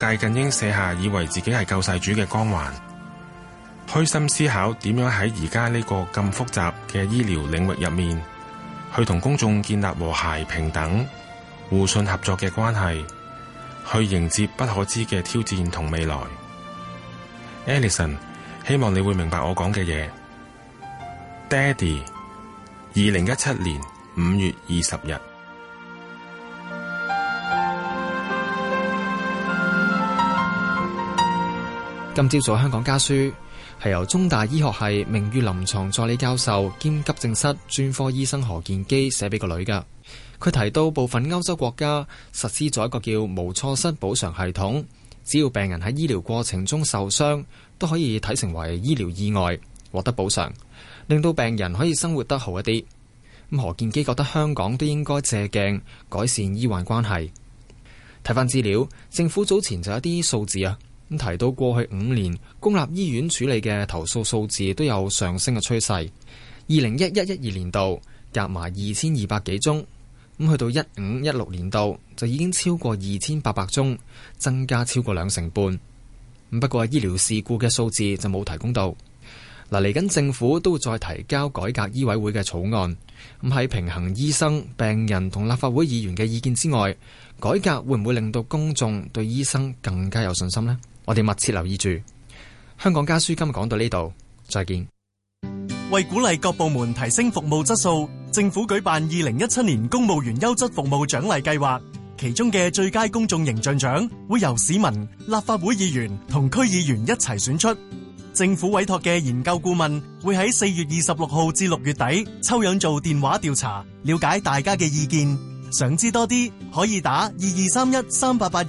戴近英寫下以為自己係救世主嘅光環，虛心思考點樣喺而家呢個咁複雜嘅醫療領域入面，去同公眾建立和諧、平等、互信、合作嘅關係，去迎接不可知嘅挑戰同未來。Alison 希望你會明白我講嘅嘢。Daddy，二零一七年五月二十日。今朝早香港家書係由中大醫學系名譽臨床助理教授兼急症室專科醫生何建基寫俾個女噶佢提到部分歐洲國家實施咗一個叫無錯失補償系統，只要病人喺醫療過程中受傷，都可以睇成為醫療意外，獲得補償，令到病人可以生活得好一啲。何建基覺得香港都應該借鏡改善醫患關係。睇翻資料，政府早前就有啲數字啊。咁提到過去五年公立醫院處理嘅投訴數字都有上升嘅趨勢。二零一一一二年度夾埋二千二百幾宗，咁去到一五一六年度就已經超過二千八百宗，增加超過兩成半。不過醫療事故嘅數字就冇提供到嗱。嚟緊政府都會再提交改革醫委會嘅草案，咁喺平衡醫生、病人同立法會議員嘅意見之外，改革會唔會令到公眾對醫生更加有信心呢？我哋密切留意住香港家書，今日講到呢度，再見。為鼓勵各部門提升服務質素，政府舉辦二零一七年公務員優質服務獎勵計劃，其中嘅最佳公眾形象獎會由市民、立法會議員同區議員一齊選出。政府委託嘅研究顧問會喺四月二十六號至六月底抽樣做電話調查，了解大家嘅意見。想知多啲，可以打二二三一三八八二，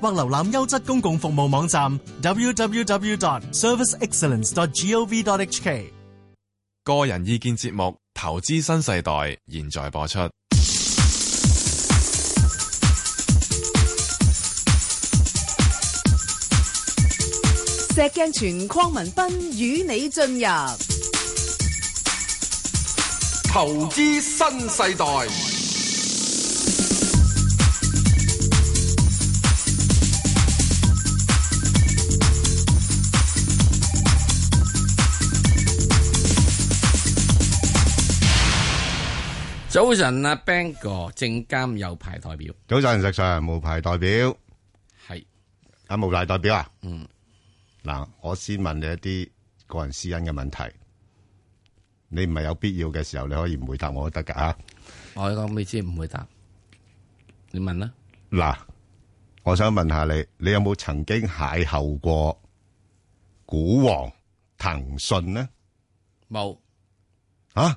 或瀏覽優質公共服務網站 www.serviceexcellence.gov.hk。個人意見節目《投資新世代》現在播出。石鏡泉、鄺民彬與你進入《投資新世代》。早晨啊 Ben 哥，證監有牌代表。早晨，石 Sir，無牌代表。係阿無牌代表啊。嗯。嗱，我先問你一啲個人私隱嘅問題。你唔係有必要嘅時候，你可以唔回答我都得噶吓。我呢個未知唔回答。你問啦。嗱，我想問下你，你有冇曾經邂逅過股王騰訊呢？冇沒。啊？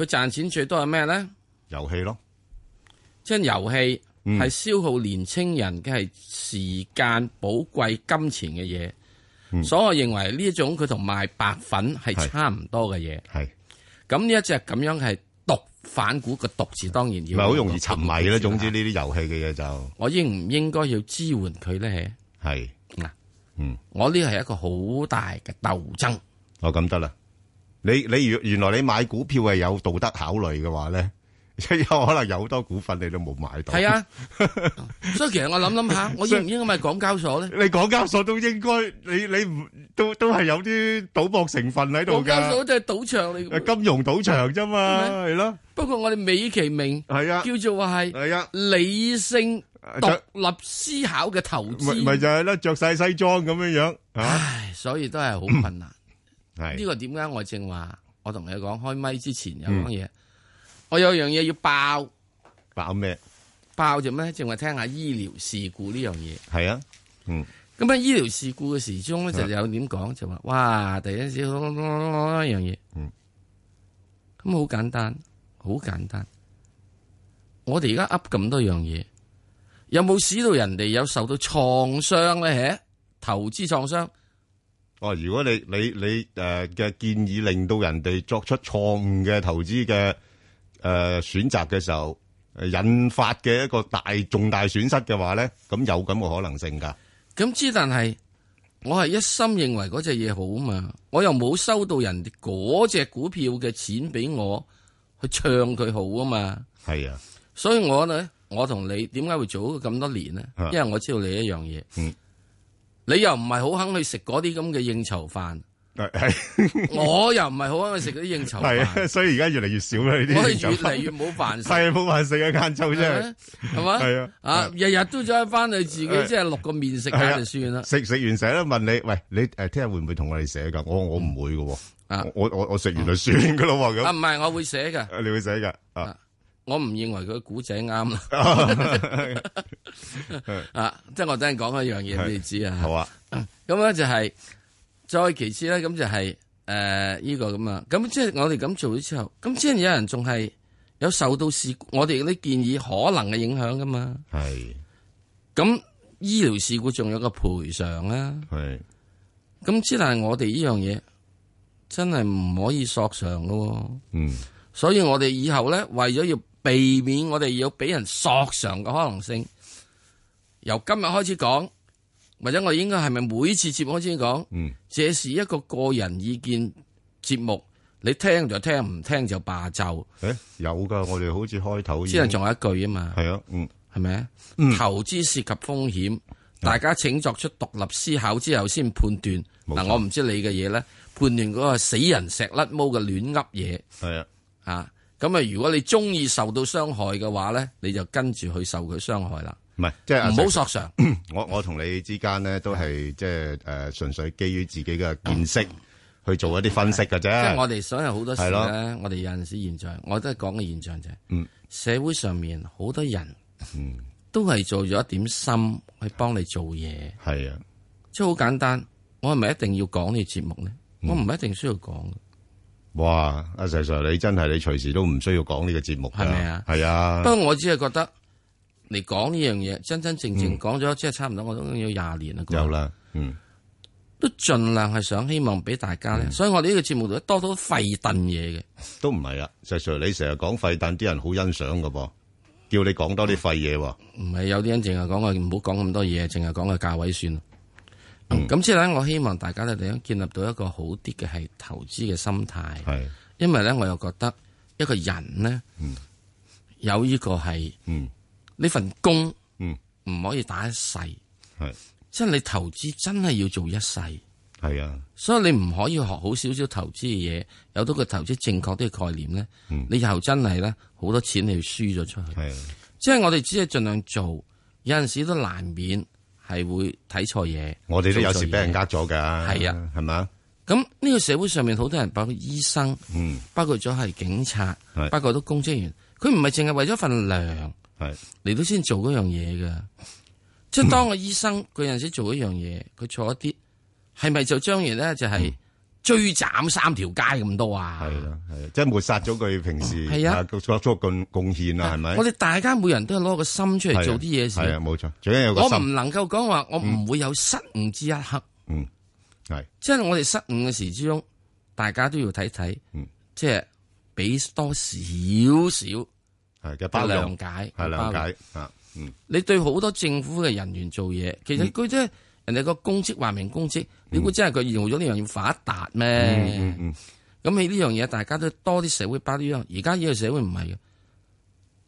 佢賺錢最多係咩咧？遊戲咯，即係遊戲係消耗年輕人嘅係時間、寶貴金錢嘅嘢。所以我認為呢一種佢同賣白粉係差唔多嘅嘢。係咁呢一隻咁樣係毒反古嘅毒字，當然要係好容易沉迷啦。總之呢啲遊戲嘅嘢就我應唔應該要支援佢咧？係嗱，嗯，我呢個係一個好大嘅鬥爭。哦，咁得啦。你你原原來你買股票係有道德考慮嘅話咧，有可能有好多股份你都冇買到。係啊， 所以其實我諗諗下，我應唔應該咪港交所咧？你港交所都應該，你你唔都都係有啲賭博成分喺度嘅。港交所即係賭場，你金融賭場啫嘛，係咯嗎。啊、不過我哋美其名，係啊，叫做話係理性獨立思考嘅投資。咪就係咯，着晒西裝咁樣樣。唉、啊啊啊啊啊啊，所以都係好困難。嗯呢個點解我正話？我同你講開麥之前有樣嘢，嗯、我有樣嘢要爆。爆咩？爆就咩？正話聽下醫療事故呢樣嘢。係啊，嗯。咁喺醫療事故嘅時鐘咧、啊、就有點講，就話哇，第一一樣嘢。咁好、嗯、簡單，好簡單。嗯、我哋而家噏咁多樣嘢，有冇使到人哋有受到創傷咧？吓，投資創傷。哦，如果你你你誒嘅建議令到人哋作出錯誤嘅投資嘅誒選擇嘅時候，呃，引發嘅一個大重大損失嘅話咧，咁有咁個可能性噶？咁之，但係我係一心認為嗰隻嘢好啊嘛，我又冇收到人哋嗰隻股票嘅錢俾我去唱佢好啊嘛，係是啊，所以我咧，我同你點解會做咁多年咧？因為我知道你一樣嘢。是啊嗯你又唔係好肯去食嗰啲咁嘅應酬飯， 我又唔係好肯去食啲應酬飯。係 啊，所以而家越嚟越少啦呢啲。我哋越嚟越冇飯食，冇飯食一間晏晝啫，係嘛？係啊，啊日日都想翻去自己、啊、即係落個麵食下就算啦、啊啊。食食完成日都問你，喂，你誒聽日會唔會同我哋寫噶？我我唔會噶，我、啊、我我，我食完就算噶啦。咁唔係，我會寫噶、啊。你會寫噶啊？我唔認為佢古仔啱啊！即係我等陣講一樣嘢俾你知啊。好啊，咁咧是、嗯、就係、是、再其次咧，咁、嗯、就係誒呢個咁啊。咁即係我哋咁做咗之後，咁即係有人仲係有受到事的我哋啲建議可能嘅影響噶嘛？係的。咁、啊、醫療事故仲有個賠償啊？係的。咁即的但係我哋呢樣嘢真係唔可以索償咯、哦、嗯。所以我哋以後咧為咗要。避免我哋要俾人索償嘅可能性。由今日開始講，或者我哋應該係咪每次節目開始講？嗯，這是一個個人意見節目，你聽就聽，唔聽就罷就。誒、欸，有噶，我哋好似開頭只能仲有一句啊嘛。係咯，嗯，係咪啊？投資涉及風險，嗯、大家請作出獨立思考之後先判斷。嗱錯，我唔知你嘅嘢咧，判斷嗰個死人石甩毛嘅亂噏嘢。係啊、嗯，啊、嗯。嗯咁啊！如果你中意受到傷害嘅話咧，你就跟住去受佢傷害啦。唔係，即係唔好索償。啊、我我同你之間咧都係即係誒純粹基於自己嘅見識去做一啲分析㗎啫。是即係我哋所有好多時咧，的我哋有陣時現象，我都係講嘅現象啫、就是。嗯，社會上面好多人，嗯，都係做咗一點心去幫你做嘢。係啊的，即係好簡單。我係咪一定要講呢個節目咧？嗯、我唔係一定需要講。哇！阿石 Sir，你真係你隨時都唔需要講呢個節目，係咪啊？係啊。不過我只係覺得你講呢樣嘢，真真正正講咗，即係、嗯、差唔多，我都有廿年啦。有啦，嗯，都盡量係想希望俾大家咧。嗯、所以我哋呢個節目度咧多咗廢燉嘢嘅。都唔係啊石 Sir，你成日講廢燉，啲人好欣賞噶噃，叫你講多啲廢嘢。唔係有啲人淨係講啊，唔好講咁多嘢，淨係講個價位算。咁即係咧，我希望大家咧，你哋建立到一個好啲嘅，係投資嘅心態。係， 因為咧，我又覺得一個人咧，有呢個係呢份工，唔可以打一世。係，即係你投資真係要做一世。係啊，所以你唔可以學好少少投資嘅嘢，有到個投資正確啲嘅概念咧，你以後真係咧，好多錢你要輸咗出去。係，即係我哋只係盡量做，有陣時都難免。係會睇錯嘢，我哋都有時俾人呃咗噶，係啊，係嘛？咁呢個社會上面好多人包括醫生，嗯，包括咗係警察，係包括到公職員，佢唔係淨係為咗份糧，係嚟到先做嗰樣嘢噶。嗯，即係當個醫生，佢有陣時做一，做，一係係做一樣嘢，佢錯一啲，係咪就將然咧就係？追斬三條街咁多啊！係啦、啊，係、啊、即係抹殺咗佢平時係、嗯、啊，作貢貢獻啦，係咪、啊？我哋大家每人都攞個心出嚟做啲嘢事，係啊，冇錯、啊。最緊要個心。我唔能夠講話，我唔會有失誤之一刻。嗯，係、嗯。即係我哋失誤嘅時之中，大家都要睇睇。嗯、即係俾多少少係嘅包諒呵呵解，係諒解啊。嗯，你對好多政府嘅人員做嘢，其實佢真係。嗯嗯人哋個公職話明公職，你估真係佢用咗呢樣要發達咩？咁你呢樣嘢，大家都多啲社會包容。而家呢個社會唔係嘅，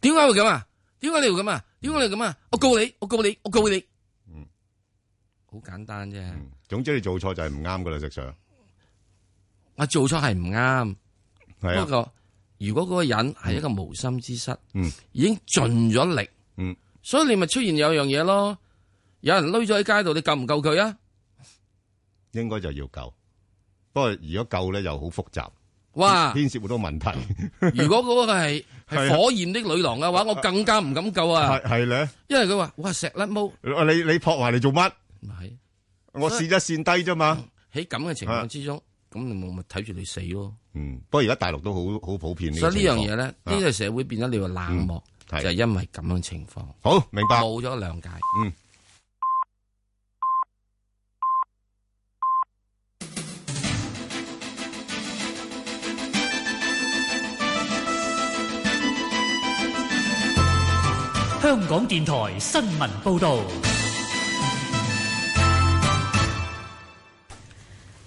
點解會咁啊？點解你又咁啊？點解你咁啊、嗯？我告你，我告你，我告你。好、嗯、簡單啫、啊嗯。總之你做錯就係唔啱噶啦，直上。我做錯係唔啱，啊、不過如果嗰個人係一個無心之失，嗯、已經盡咗力，嗯、所以你咪出現有樣嘢咯。有人攞咗喺街度，你救唔救佢啊？應該就要救，不過如果救咧又好複雜，哇，牽涉好多問題。如果嗰個係係火焰的女郎嘅話，我更加唔敢救啊！係咧，因為佢話：，哇，石甩毛！你你撲埋嚟做乜？咪係，我閃一閃低啫嘛。喺咁嘅情況之中，咁你冇咪睇住你死咯？嗯，不過而家大陸都好好普遍呢。所以呢樣嘢咧，呢個社會變咗你話冷漠，就係因為咁樣情況。好明白，冇咗諒解。嗯。香港電台新聞報道，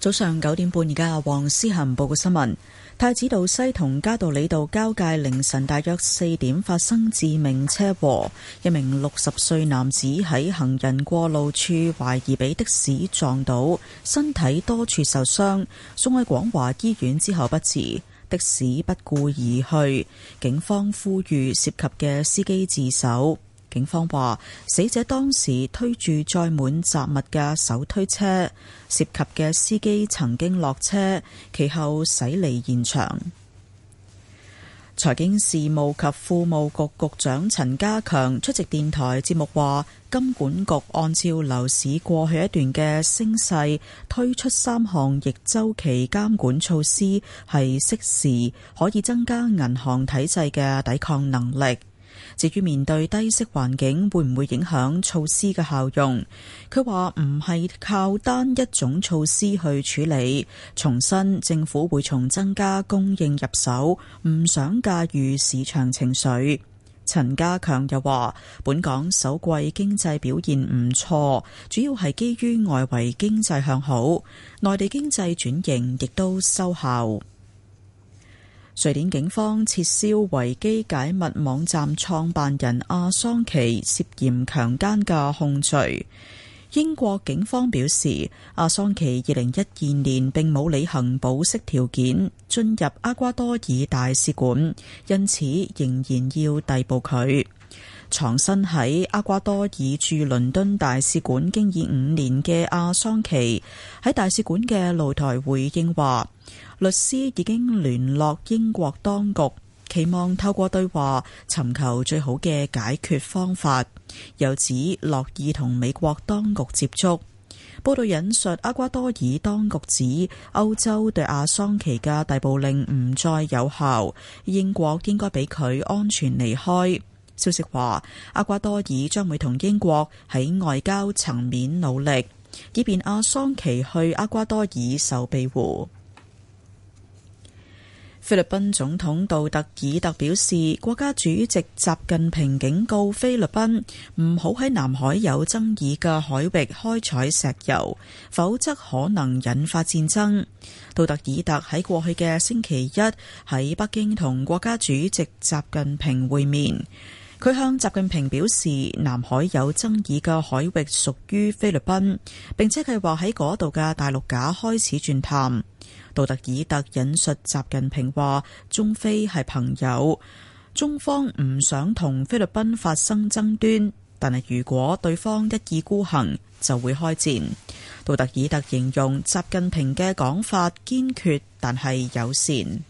早上九點半，而家黃思恒報告新聞：太子道西同嘉道理道交界，凌晨大約四點發生致命車禍，一名六十歲男子喺行人過路處懷疑被的士撞到，身體多處受傷，送去廣華醫院之後不治。的士不顧而去，警方呼籲涉及嘅司機自首。警方話，死者當時推住載滿雜物嘅手推車，涉及嘅司機曾經落車，其後駛離現場。財經事務及庫務局局長陳家強出席電臺節目話，金管局按照樓市過去一段嘅升勢，推出三項逆周期監管措施，係適時可以增加銀行體制嘅抵抗能力。至於面對低息環境，會唔會影響措施嘅效用？佢話唔係靠單一種措施去處理，重申政府會從增加供應入手，唔想駕馭市場情緒。陳家強又話：本港首季經濟表現唔錯，主要係基於外圍經濟向好，內地經濟轉型亦都收效。瑞典警方撤銷維基解密網站創辦人阿桑奇涉嫌強姦嘅控罪。英國警方表示，阿桑奇二零一二年並冇履行保釋條件進入厄瓜多爾大使館，因此仍然要逮捕佢。藏身喺阿瓜多爾駐倫敦大使館，經已五年嘅阿桑奇喺大使館嘅露台回應話，律師已經聯絡英國當局，期望透過對話尋求最好嘅解決方法，又指樂意同美國當局接觸。報道引述阿瓜多爾當局指，歐洲對阿桑奇嘅逮捕令唔再有效，英國應該俾佢安全離開。消息話，阿瓜多爾將會同英國喺外交層面努力，以便阿桑奇去阿瓜多爾受庇護。菲律賓總統杜特爾特表示，國家主席習近平警告菲律賓唔好喺南海有爭議嘅海域開採石油，否則可能引發戰爭。杜特爾特喺過去嘅星期一喺北京同國家主席習近平會面。佢向習近平表示，南海有爭議嘅海域屬於菲律賓，並且計劃喺嗰度嘅大陸架開始鑽探。杜特爾特引述習近平話：中菲係朋友，中方唔想同菲律賓發生爭端，但係如果對方一意孤行，就會開戰。杜特爾特形容習近平嘅講法堅決但係友善。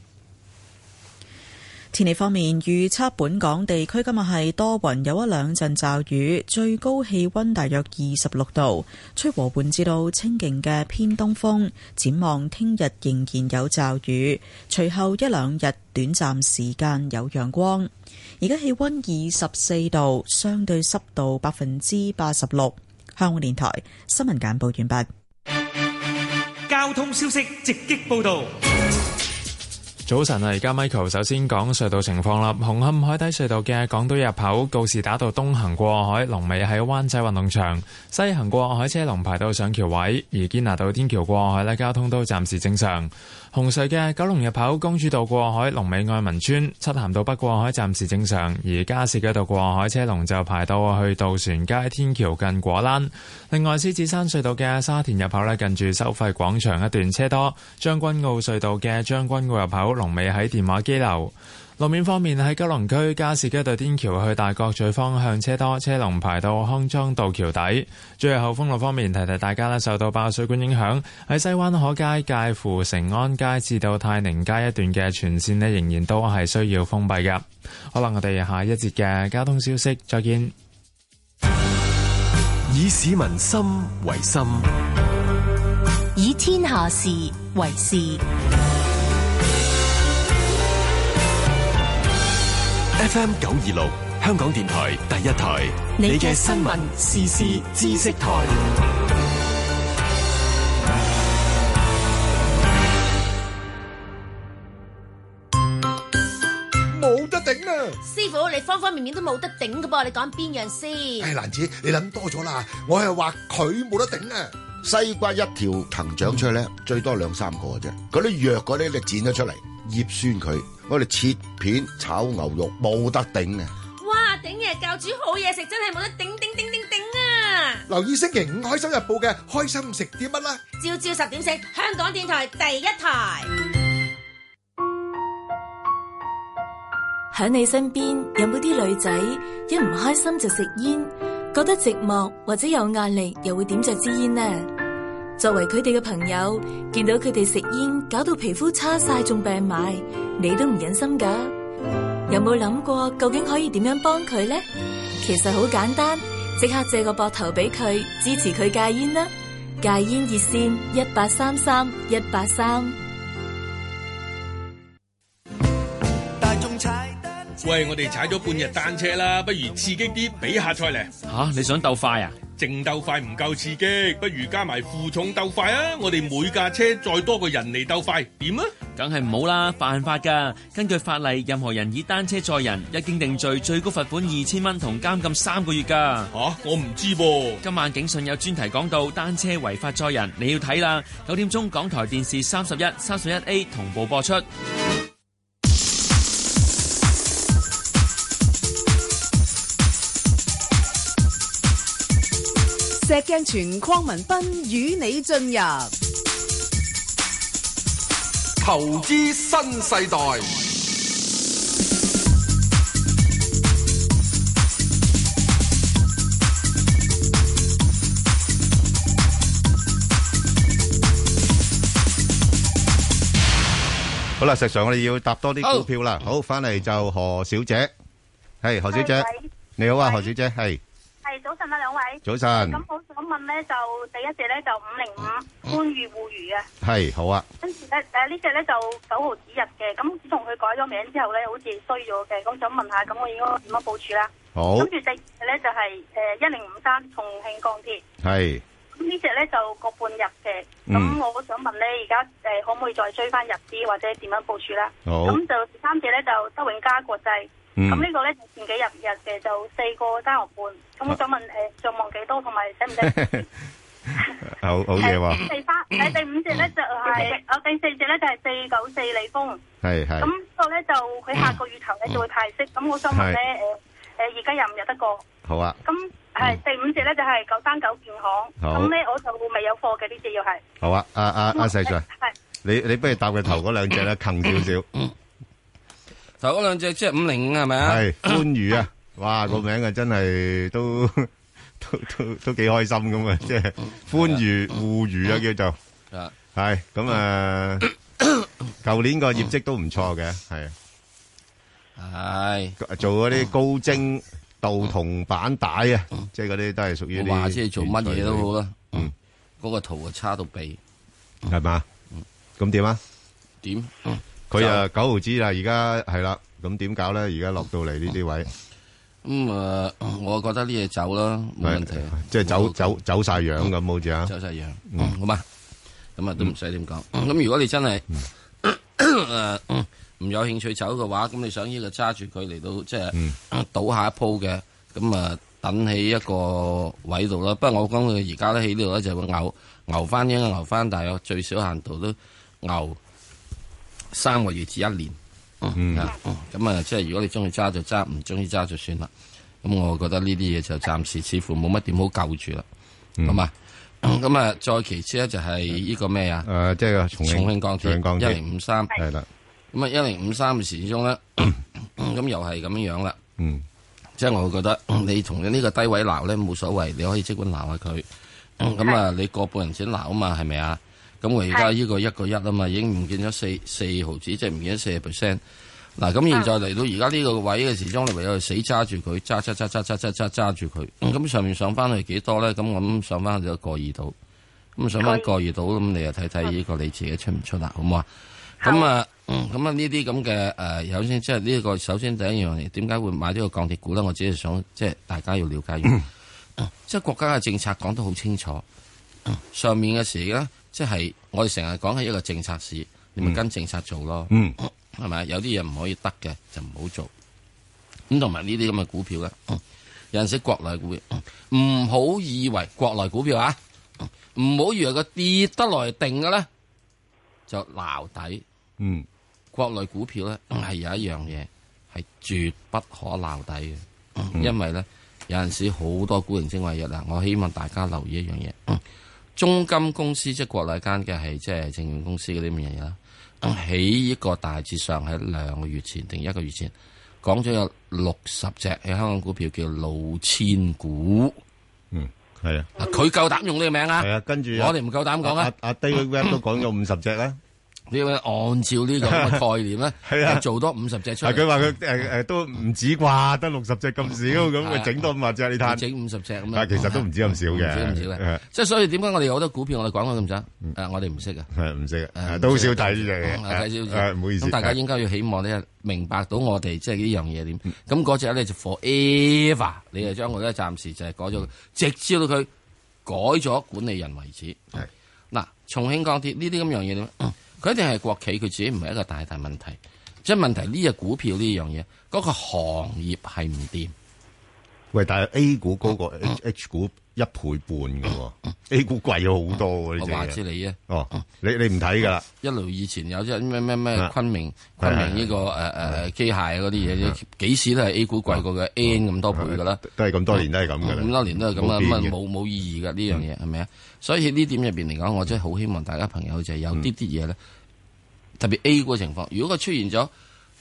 天氣方面，預測本港地區今日係多雲，有一兩陣驟雨，最高氣溫大約二十六度，吹和緩至到清勁嘅偏東風。展望聽日仍然有驟雨，隨後一兩日短暫時間有陽光。而家氣溫二十四度，相對濕度百分之八十六。香港電台新聞簡報完畢。交通消息直擊報道。早晨啊，而家 Michael 首先講隧道情況啦。紅磡海底隧道嘅港島入口告士打道東行過海龍尾喺灣仔運動場，西行過海車龍排到上橋位，而堅拿道天橋過海呢，交通都暫時正常。紅隧嘅九龍入口公主道過海龍尾愛民村，漆咸道北過海暫時正常，而加士居道過海車龍就排到去渡船街天橋近果欄。另外，獅子山隧道嘅沙田入口咧，近住收費廣場一段車多。將軍澳隧道嘅將軍澳入口龍尾喺電話機樓。路面方面，喺九龍區加士居道天橋去大角咀方向車多車龍排到康莊道橋底。最後，封路方面提提大家啦，受到爆水管影響，喺西灣河街介乎成安街至到泰寧街一段嘅全線咧仍然都係需要封閉噶。好啦，我哋下一節嘅交通消息再見。以市民心為心，以天下事為事。FM 九二六，香港電台第一台，你嘅新聞、時事、知識台，冇得頂啊！師傅，你方方面面都冇得頂㗎噃，你講邊樣先？誒、哎，蘭子，你諗多咗啦，我係話佢冇得頂啊！西瓜一條藤長出去咧，嗯、最多兩三個啫，嗰啲弱嗰啲，你剪咗出嚟，醃酸佢。我哋切片炒牛肉冇得頂啊！哇，鼎爺教煮好嘢食，真係冇得頂頂頂頂頂啊！留意星期五《開心日報》嘅開心食啲乜啦！朝朝十點食，香港電台第一台。喺你身邊有冇啲女仔一唔開心就食煙，覺得寂寞或者有壓力又會點著支煙呢？作為佢哋嘅朋友，見到佢哋食煙，搞到皮膚差晒，仲病埋，你都唔忍心噶。有冇諗過，究竟可以點樣幫佢咧？其實好簡單，即刻借個膊頭俾佢，支持佢戒煙啦。戒煙熱線：一八三三一八三。大眾踩喂，我哋踩咗半日單車啦，不如刺激啲，比下賽嚟。吓、啊，你想鬥快啊？淨鬥快唔夠刺激，不如加埋負重鬥快啊！我哋每架車再多個人嚟鬥快，點啊？梗係唔好啦，犯法㗎。根據法例，任何人以單車載人，一經定罪，最高罰款二千蚊同監禁三個月㗎。嚇、啊，我唔知噃、啊。今晚警訊有專題講到單車違法載人，你要睇啦。九點鐘港台電視三十一、三十一 A 同步播出。石鏡泉、鄺民彬與你進入投資新世代。好啦，石 Sir，我哋要搭多啲股票啦。好，翻嚟就何小姐，係何小姐，你好啊，何小姐，係的。的早晨啦、啊，兩位。早晨。咁我想問咧，就第一隻咧就五零五寬裕互娛啊，係，好啊。跟住咧，誒呢隻咧就九號指日嘅。咁自從佢改咗名之後咧，好似衰咗嘅。咁想問下，咁我應該點樣部署咧？好。跟住第二隻咧就係、是、誒是一零五三重慶鋼鐵。係。咁呢隻咧就個半日嘅。咁、嗯、我好想問咧，而家誒可唔可以再追翻入啲，或者點樣部署咧？好。咁就第三隻咧就德永佳國際。咁呢個咧前幾日日嘅就四個三毫半，咁我想問誒，上望幾多，同埋使唔使？好好嘢喎。第四隻，誒，第五隻咧就係，哦，第四隻咧就係四九四利豐，係係。咁呢個咧就佢下個月頭咧就會派息，咁我想問咧，誒誒，而家入唔入得過？好啊。咁係第五隻咧就係九三九建行，咁咧我就未有貨嘅呢隻要係。好啊，阿阿阿細仔，係你你不如搭佢頭嗰兩隻咧，近少少，嗯。頭嗰兩隻即係五零五係咪啊？係歡愉啊！哇，個名啊真係都都都都幾開心咁啊！即係歡愉互愉啊叫做，係咁啊！舊年個業績都唔錯嘅，係。係做嗰啲高精度銅板帶啊，即係嗰啲都係屬於。話即係做乜嘢都好啦。嗯，嗰個圖啊差到痹，係嘛？嗯，咁點啊？點？佢啊九毫紙啦，而家係啦，咁點搞咧？而家落到嚟呢啲位，咁啊、嗯嗯呃，我覺得呢嘢走啦，冇問題，即係、就是、走走走晒樣咁，好似好啊？走晒樣、嗯、樣，好嘛，咁啊都唔使點講。咁、嗯、如果你真係誒唔有興趣走嘅話，咁你想呢個揸住佢嚟到即係、就是、倒下一鋪嘅，咁啊、呃、等起一個位度啦。不過我講佢而家起呢度咧，就會牛牛翻啲，牛翻，但係我最少限度都牛。牛三個月至一年，咁啊，即係如果你中意揸就揸，唔中意揸就算啦。咁我覺得呢啲嘢就暫時似乎冇乜點好救住啦。好嘛，咁啊，再其次咧就係呢個咩啊？誒，即係重慶鋼鐵一零五三，係啦。咁啊，一零五三嘅時鐘咧，咁又係咁樣樣啦。嗯，即係我會覺得你同從呢個低位鬧咧冇所謂，你可以即管鬧下佢。咁啊，你過半人錢鬧啊嘛，係咪啊？咁我而家呢個一個一啊嘛，已經唔見咗四四毫子，即係唔見咗四 percent。嗱，咁、啊、現在嚟到而家呢個位嘅時，中你唯有死揸住佢，揸揸揸揸揸揸揸住佢。咁、嗯嗯、上面上翻去幾多咧？咁我諗上翻到過二度，咁上翻過二度咁，以你又睇睇呢個你自己出唔出啦？好唔好、嗯嗯、啊？咁、嗯嗯、啊，咁啊呢啲咁嘅誒，首先即係呢個首先第一樣嘢，點解會買個呢個鋼鐵股咧？我只係想即係、就是、大家要了解，嗯嗯、即係國家嘅政策講得好清楚，上面嘅時咧、嗯。即係、就是、我哋成日講起一個政策市，你咪跟政策做咯，係咪、嗯、有啲嘢唔可以得嘅就唔好做。咁同埋呢啲咁嘅股票啦，嗯、有陣時國內股票唔好、嗯、以為國內股票啊，唔好以為佢跌得來定嘅咧就撈底。嗯，國內股票咧係、嗯、有一樣嘢係絕不可撈底嘅，嗯嗯、因為咧有陣時好多股型升為日啊，我希望大家留意一樣嘢。嗯嗯嗯中金公司即係國內間嘅係即係證券公司嗰啲咁嘅嘢啦，喺、嗯、一個大致上喺兩個月前定一個月前，講咗有六十隻喺香港股票叫老千股，嗯，係啊，佢夠膽用呢個名啊，係啊，啊，跟住我哋唔夠膽講啊，阿阿 David 都講咗五十隻啦。你要按照呢個概念咧，係啊，做多五十隻出嚟。佢話佢誒誒都唔止啩，得六十隻咁少咁，佢整多五十隻。你睇下，整五十隻咁。但係其實都唔止咁少嘅。唔少嘅，即係所以點解我哋有好多股票我哋講咗咁多，我哋唔識嘅，唔識都少睇嘅，睇唔好意思。大家應該要希望咧，明白到我哋即係呢樣嘢點。咁嗰隻咧就 forever，你誒將我哋家暫時就係改咗，直至到佢改咗管理人為止。嗱，重慶鋼鐵呢啲咁樣嘢點？佢一定係國企，佢自己唔係一個大大問題。即係問題呢隻股票呢樣嘢，嗰個行業係唔掂。喂，但係 A 股高過 H 股一倍半嘅，A 股貴咗好多，我話知你啊，哦，你你唔睇噶啦，一路以前有即咩咩咩，昆明昆明呢個誒誒機械嗰啲嘢，幾時都係 A 股貴過嘅，N 咁多倍噶啦，都係咁多年都係咁嘅，咁多年都係咁啊，冇冇意義噶呢樣嘢係咪啊？所以呢點入邊嚟講，我真係好希望大家朋友就係有啲啲嘢咧，特別 A 股嘅情況，如果佢出現咗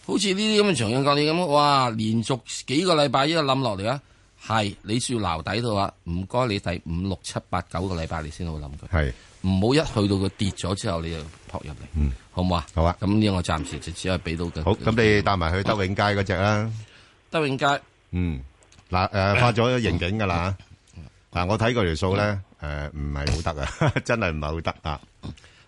好似呢啲咁嘅長陰交你咁，哇，連續幾個禮拜依個冧落嚟啊！係，你要撈底嘅話，唔該你第五六七八九個禮拜你先好諗佢。係是，唔好一去到佢跌咗之後，你就撲入嚟。嗯，好唔好，好啊？好啊。咁呢個我暫時就只係俾到佢。好，咁你帶埋去德永街嗰隻啦。德永街，嗯，嗱，誒，發咗盈警噶啦。嗱， 我睇過條數咧，誒，唔係好得啊，真係唔係好得啊。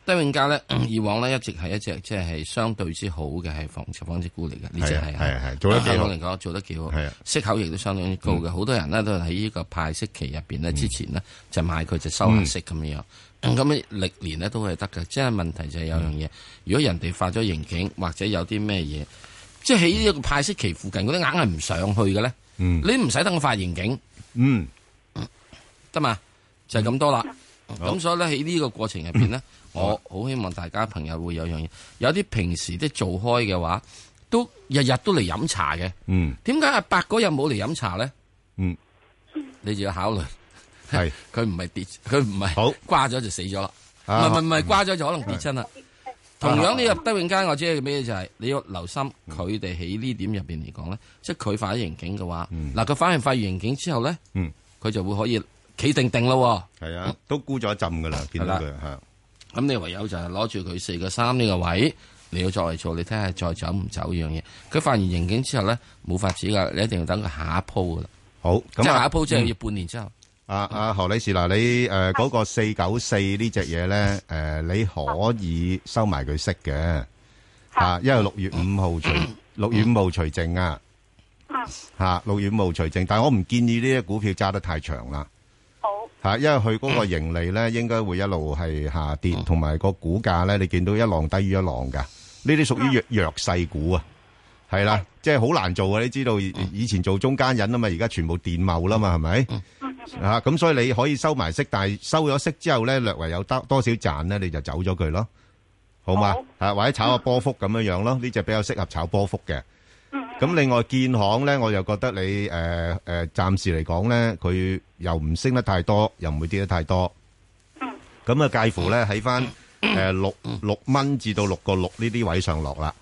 低永家咧，以往咧一直係一隻即係相對之好嘅係房房地股嚟嘅，呢隻係啊，係係做得嚟講，做得幾好，息口亦都相當之高嘅。好多人咧都喺呢個派息期入邊咧，之前呢，就買佢就收下息咁樣。咁啊歷年咧都係得嘅，即係問題就係有樣嘢，如果人哋發咗盈警或者有啲咩嘢，即係喺呢個派息期附近嗰啲硬係唔上去嘅咧，你唔使等我發盈警，嗯，得嘛，就係咁多啦。咁所以咧喺呢個過程入邊咧。我好希望大家朋友會有樣嘢，有啲平時啲做開嘅話，都日日都嚟飲茶嘅。嗯，點解阿伯嗰日冇嚟飲茶咧？嗯，你就要考慮。係，佢唔係跌，佢唔係好掛咗就死咗啦。唔係唔係唔係，掛咗就可能跌親啦。同樣你入德永街，我知係咩嘢，就係你要留心佢哋喺呢點入邊嚟講咧，即係佢發咗盈警嘅話，嗱，佢反而發完盈警之後咧，佢就會可以企定定咯。係啊，都沽咗一浸噶啦，見到佢咁你唯有就係攞住佢四個三呢個位，你要再做，你睇下再走唔走呢樣嘢。佢發完盈警之後咧，冇法子噶，你一定要等佢下一鋪噶啦。好，咁、啊、下一鋪就要半年之後。阿阿、嗯啊啊、何女士嗱，你誒嗰、呃那個四九四呢隻嘢咧，誒、呃、你可以收埋佢息嘅，吓、啊，因為六月五號、嗯、號除六月五號除淨啊，吓六月五號除淨，但我唔建議呢啲股票揸得太長啦。吓，因為佢嗰個盈利咧，應該會一路係下跌，同埋好個股價咧，你見到一浪低於一浪噶。呢啲屬於弱、嗯、弱勢股啊，係啦，即係好難做啊。你知道以前做中間人啊嘛，而家全部電貿啦嘛，係咪吓？咁、嗯啊、所以你可以收埋息，但係收咗息之後咧，略為有得多，多少賺咧，你就走咗佢咯，好嘛？吓好或者炒個波幅咁樣樣咯，呢隻比較適合炒波幅嘅。咁另外建行咧，我又覺得你誒誒，暫時嚟講咧，佢又唔升得太多，又唔會跌得太多。嗯。咁啊，介乎咧喺翻誒六六蚊至到六個六呢啲位上落啦。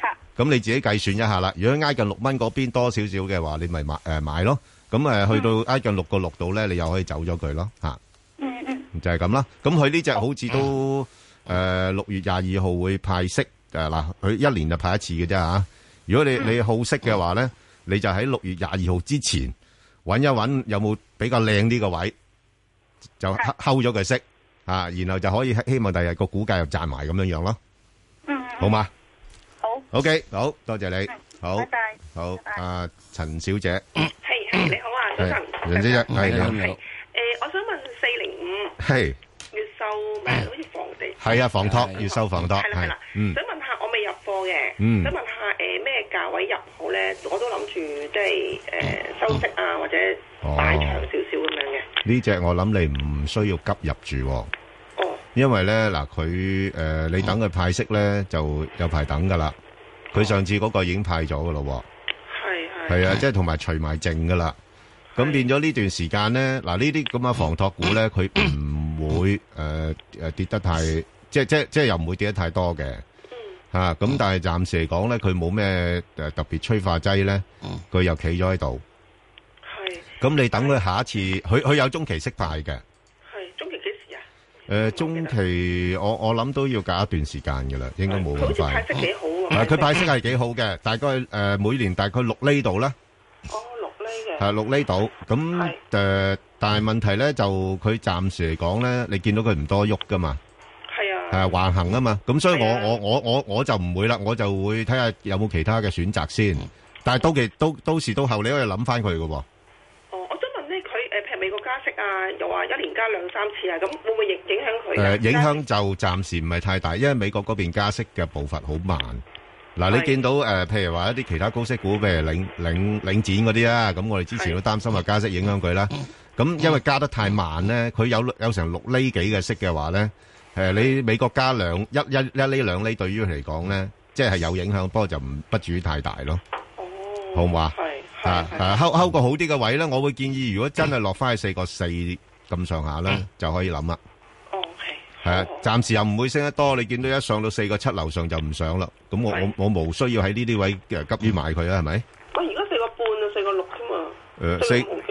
嚇！咁你自己計算一下啦。如果挨近六蚊嗰邊多少少嘅話，你咪買誒買咯。咁誒去到挨近六個六度咧，你又可以走咗佢咯。嚇！嗯嗯。就係咁啦。咁佢呢隻好似都誒六月廿二號會派息誒嗱，佢一年就派一次嘅啫嚇。如果你你好識嘅話咧，你就喺六月廿二號之前揾一揾有冇比較靚啲嘅位，就摳咗佢息啊，然後就可以希望第日個股價又賺埋咁樣樣咯。嗯，好嘛？好，O K，好多謝你。好。拜拜。好，阿陳小姐。係，你好啊，早晨。陳小姐，係你好。誒，我想問四零五。係。越秀，誒，好似房地產。係啊，房託，越秀房託。係咪啦？嗯。想問下，我未入貨嘅。嗯。想問下，誒咩？價位入好咧，我都諗住即係誒收息啊，或者擺長少少咁樣嘅。呢隻、哦、我諗你唔需要急入住，哦，哦因為咧嗱佢誒你等佢派息咧就有排等噶啦。佢、哦、上次嗰個已經派咗噶咯，係係係啊，即係同埋除埋淨噶啦。咁變咗呢段時間咧，嗱呢啲咁嘅房託股咧，佢唔會誒誒、呃、跌得太，即即即，即又唔會跌得太多嘅。啊，咁但係暫時嚟講咧，佢冇咩誒特別催化劑咧，佢又企咗喺度。係。咁你等佢下一次，佢佢有中期息派嘅。係中期幾時啊？誒中期，我我諗都要隔一段時間㗎啦，應該冇咁快。好似派息幾好喎。係佢派息係幾好嘅，大概誒每年大概六厘度啦。哦，六厘嘅。係六厘度，咁誒，但係問題咧就佢暫時嚟講咧，你見到佢唔多喐噶嘛？係橫行啊嘛，咁所以我我我我我就唔會啦，我就會睇下有冇其他嘅選擇先。但係到期到到時到後，你可以諗翻佢噶。哦，我想問咧，佢誒，譬如美國加息啊，又話一年加兩三次啊，咁會唔會影影響佢？誒，影響就暫時唔係太大，因為美國嗰邊加息嘅步伐好慢。嗱，你見到誒，譬如話一啲其他高息股，譬如領領領展嗰啲啊，咁我哋之前都擔心話加息影響佢啦。咁因為加得太慢咧，佢有有成六厘幾嘅息嘅話咧。誒，你美國加兩一一一厘兩厘，對於佢嚟講咧，即係有影響，不過就唔不至於太大咯。哦，好唔好啊？係吓，誒，摳摳個好啲嘅位咧，我會建議，如果真係落翻去四個四咁上下啦，就可以諗啦。哦，係係啊，暫時又唔會升得多。你見到一上到四個七樓上就唔上啦。咁我我我無需要喺呢啲位誒急於買佢啊？係咪？我而家四個半啊，四個六啫嘛。誒，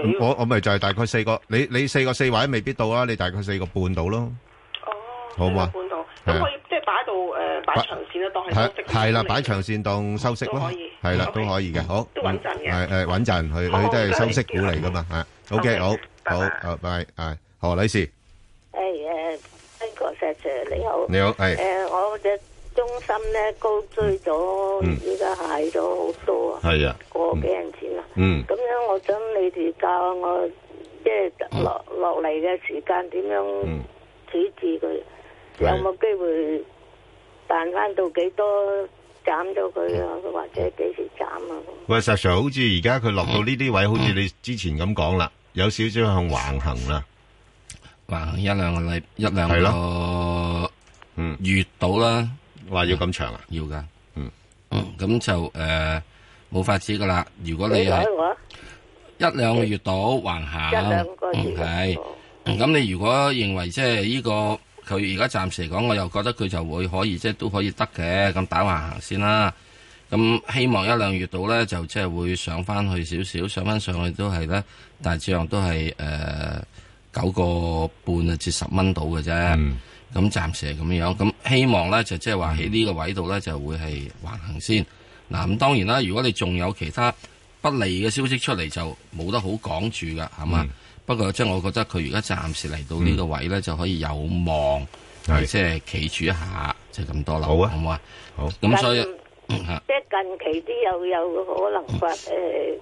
四我我咪就係大概四個。你你四個四位都未必到啦，你大概四個半到咯。好嘛，咁可以即係擺到誒擺長線啊，當係收息，係啦，擺長線當收息咯，係啦，都可以嘅，好，都穩陣嘅，係係穩陣去，佢都係收息股嚟噶嘛，吓，好嘅，好，好，好，拜，誒，何女士，係誒，呢個石 sir，你好，你好，誒，我隻中心咧高追咗，依家矮咗好多啊，係啊，個幾銀錢啊，嗯，咁樣我想你哋教我，即係落落嚟嘅時間點樣處置佢。是有冇機會彈翻到幾多，斬咗佢啊？嗯、或者幾時斬啊？ 喂石 Sir 好似而家佢落到呢啲位，好似你之前咁講啦，有少少向橫行啦，橫行一兩個禮，一兩個月嗯月到啦，話要咁長啊？嗯、要噶，嗯咁、嗯嗯、就誒冇、呃、法子噶啦。如果你係一兩個月到，橫行，一兩個月係咁，你如果認為即係呢個。佢而家暫時嚟講，我又覺得佢就會可以，即係都可以得嘅。咁打橫行先啦。咁希望一兩月到咧，就即係會上翻去少少，上翻上去都係咧。大致上都係誒九個半啊，呃、至十蚊到嘅啫。咁暫時係咁樣。咁希望咧就即係話喺呢個位度咧就會係橫行先。嗱，咁當然啦，如果你仲有其他不利嘅消息出嚟，就冇得好講住噶，係嘛？嗯不過即係我覺得佢而家暫時嚟到呢個位咧，嗯、就可以有望，係是即係企住一下，就咁、是、多啦，好唔好啊？好，好，咁好所以近、嗯、即係近期啲又有可能發誒、嗯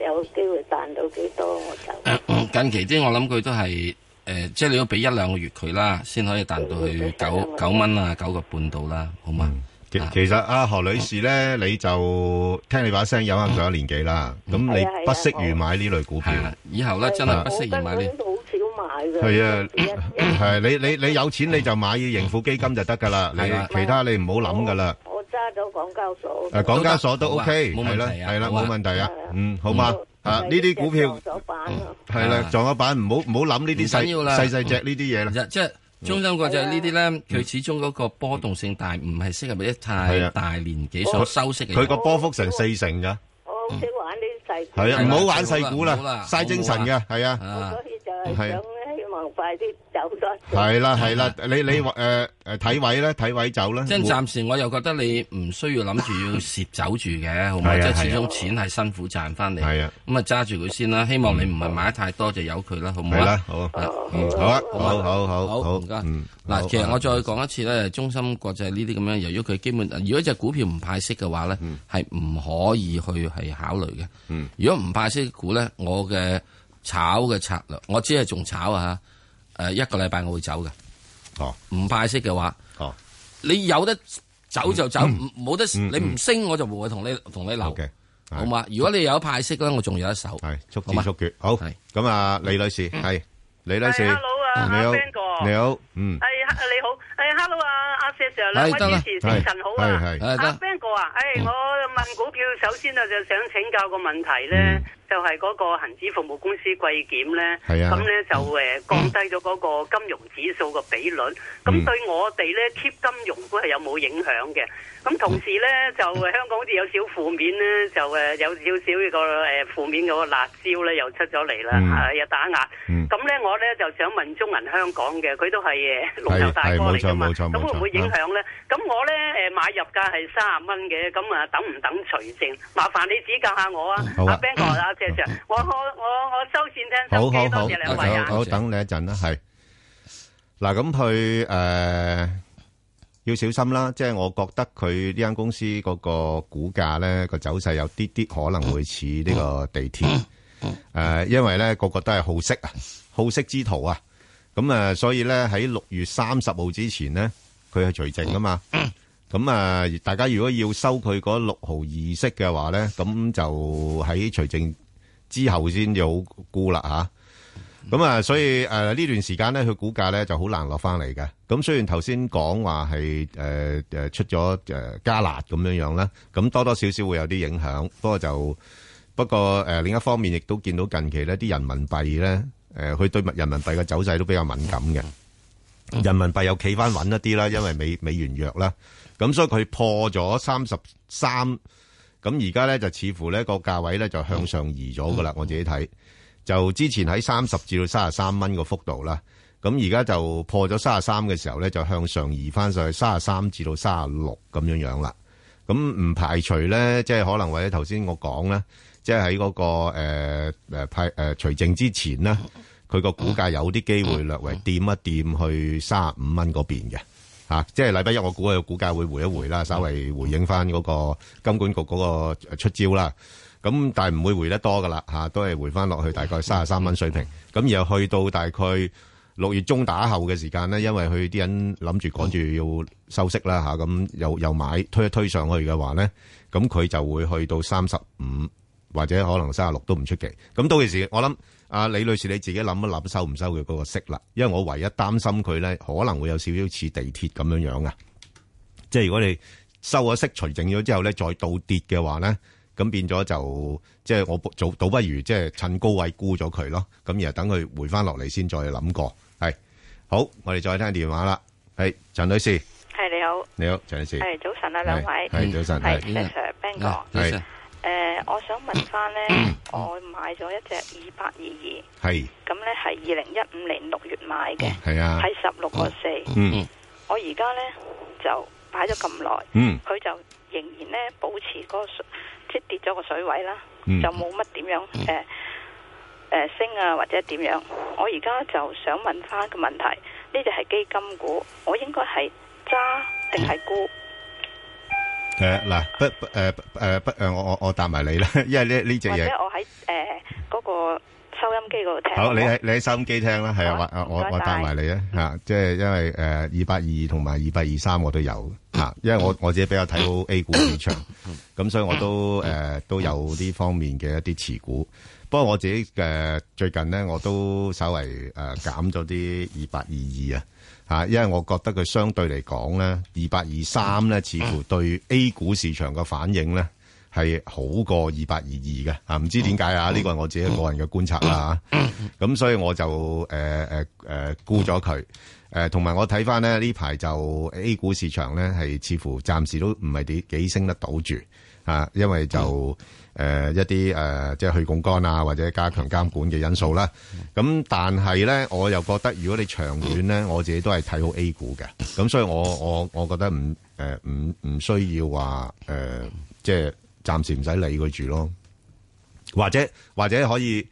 呃，有機會彈到幾多我就？我、嗯、近期啲我諗佢都係誒、呃，即係你要俾一兩個月佢啦，先可以彈到去九九蚊啊，九個半度啦，好嘛？嗯其實阿何女士咧，你就聽你把聲有啱上一年紀啦，咁你不適宜買呢類股票。以後咧真係不適宜買呢啲。好，我好少買嘅。係啊，係你你你有錢你就買盈富基金就得噶啦，你其他你唔好諗噶啦。我揸咗港交所。誒，港交所都 OK，冇問題啊，係啦，冇問題啊，嗯，好嘛，啊呢啲股票係啦，撞咗板，唔好唔好諗呢啲細細細隻呢啲嘢啦。中心股就係呢啲咧，佢始終個波動性大，唔係適合一太大年紀想收息嘅人。佢個波幅成四成㗎，我好少玩呢啲細股，係啊，唔好玩細股啦，嘥精神嘅，係啊，係啊。快啲走咯！係啦係啦，你你誒誒睇位咧，睇位走啦。即係暫時我又覺得你唔需要諗住要蝕走住嘅，好唔好？即係始終錢係辛苦賺翻嚟。係啊，咁啊揸住佢先啦。希望你唔係買得太多，就由佢啦，好唔好啦，好。好啊，好好好好好唔該。嗱，其實我再講一次咧，中心國際呢啲咁樣，由於佢基本如果隻股票唔派息嘅話咧，係唔可以去係考慮嘅。如果唔派息股咧，我嘅炒嘅策略，我只係仲炒啊。誒，一個禮拜我會走嘅，哦，唔派息嘅話，哦，你有得走就走，冇得你唔升我就唔會同你同你留嘅，好嘛？如果你有派息咧，我仲有一手，係速速決，好，咁啊，李女士，係李女士，你好，你好，嗯，係誒你好，誒，hello 啊，阿 Sir 啦，歡迎主持精神好啊，係得。哇！誒、哎，我問股票，首先啊就想請教個問題咧，嗯、就係嗰個恆指服務公司季檢咧，咁咧、啊、就誒、嗯、降低咗嗰個金融指數個比率，咁、嗯、對我哋咧 keep 金融股係有冇影響嘅？咁同時咧就香港好似有少負面咧，就誒有少少一個誒負面嗰個辣椒咧又出咗嚟啦，又打壓。咁咧、嗯嗯、我咧就想問中銀香港嘅，佢都係誒龍頭大哥嚟㗎嘛，咁會唔會影響咧？咁、啊、我咧誒買入價係三十蚊。嘅，咁啊，等唔等除淨？麻煩你指教下我啊，阿 Ben 哥啊，阿 Sir，我我我收線聽手機，多謝兩位啊。好，我等你一陣啦。係嗱，咁佢誒要小心啦。即係我覺得佢呢間公司嗰個股價咧，個走勢有啲啲可能會似呢個地鐵誒，因為咧個個都係好息啊，好息之徒啊。咁啊，所以咧喺六月三十號之前咧，佢係除淨噶嘛。咁啊，大家如果要收佢嗰六毫二息嘅話咧，咁就喺除淨之後先有沽啦，吓，咁啊，所以誒呢、呃、段時間咧，佢股價咧就好難落翻嚟嘅。咁雖然頭先講話係誒誒出咗誒、呃、加辣咁樣樣啦，咁多多少少會有啲影響。不過就不過誒、呃、另一方面，亦都見到近期呢啲人民幣咧誒，佢、呃、對人民幣嘅走勢都比較敏感嘅。嗯、人民幣又企翻穩一啲啦，因為美美元弱啦。咁所以佢破咗三十三，咁而家咧就似乎咧個價位咧就向上移咗噶啦。我自己睇，就之前喺三十至到三十三蚊個幅度啦，咁而家就破咗三十三嘅時候咧，就向上移翻上去三十三至到三十六咁樣樣啦。咁唔排除咧，即係可能或者頭先我講咧，即係喺嗰個誒誒派誒除淨之前咧，佢個股價有啲機會略為掂一掂去三十五蚊嗰邊嘅。啊，即係禮拜一我估嘅股價會回一回啦，稍微回應翻嗰個金管局嗰個出招啦。咁但係唔會回得多噶啦，嚇都係回翻落去大概三十三蚊水平。咁然後去到大概六月中打後嘅時間咧，因為佢啲人諗住趕住要收息啦嚇，咁、啊、又又買推一推上去嘅話咧，咁佢就會去到三十五或者可能三十六都唔出奇。咁到時我諗。阿李女士，你自己諗一諗收唔收佢嗰個息啦？因為我唯一擔心佢咧，可能會有少少似地鐵咁樣樣啊。即係如果你收咗息，除淨咗之後咧，再倒跌嘅話咧，咁變咗就即係我早倒不如即係趁高位沽咗佢咯。咁然後等佢回翻落嚟先再諗過。係好，我哋再聽電話啦。係陳女士，係你好，你好陳女士，係早晨啊兩位，早晨，係早晨。誒、呃，我想問翻咧，嗯、我買咗一隻二八二二，係咁咧，係二零一五年六月買嘅，係、嗯、啊，係十六個四，嗯，我而家咧就擺咗咁耐，嗯，佢就仍然咧保持嗰個水，即係跌咗個水位啦，嗯、就冇乜點樣，誒誒、嗯呃呃、升啊或者點樣，我而家就想問翻個問題，呢隻係基金股，我應該係揸定係沽？嗯誒，嗱、啊、不誒誒、呃、不誒、呃呃，我我我答埋你啦，因為呢呢隻嘢或者我喺誒嗰個收音機嗰度聽。 好，你喺你喺收音機聽啦，係 啊，我謝謝我答埋你啊，吓，即係因為誒二八二二同埋二八二三我都有吓，因為我我自己比較睇好 A 股市場，咁 所以我都誒、呃、都有呢方面嘅一啲持股。不過我自己嘅、呃、最近咧，我都稍微誒減咗啲二八二二啊。啊，因為我覺得佢相對嚟講咧，二百二三咧，似乎對 A 股市場嘅反應咧係好過二百二二嘅，啊，唔知點解啊？呢個係我自己個人嘅觀察啦，啊，咁、嗯、所以我就誒誒誒沽咗佢，誒同埋我睇返咧呢排就 A 股市場咧係似乎暫時都唔係幾幾升得到住啊，因為就，嗯誒、呃，一啲誒、呃，即係去槓桿啊，或者加強監管嘅因素啦。咁但係咧，我又覺得如果你長遠咧，我自己都係睇好 A 股嘅。咁所以我我我覺得唔誒唔唔需要話誒、呃，即係暫時唔使理佢住咯。或者或者可以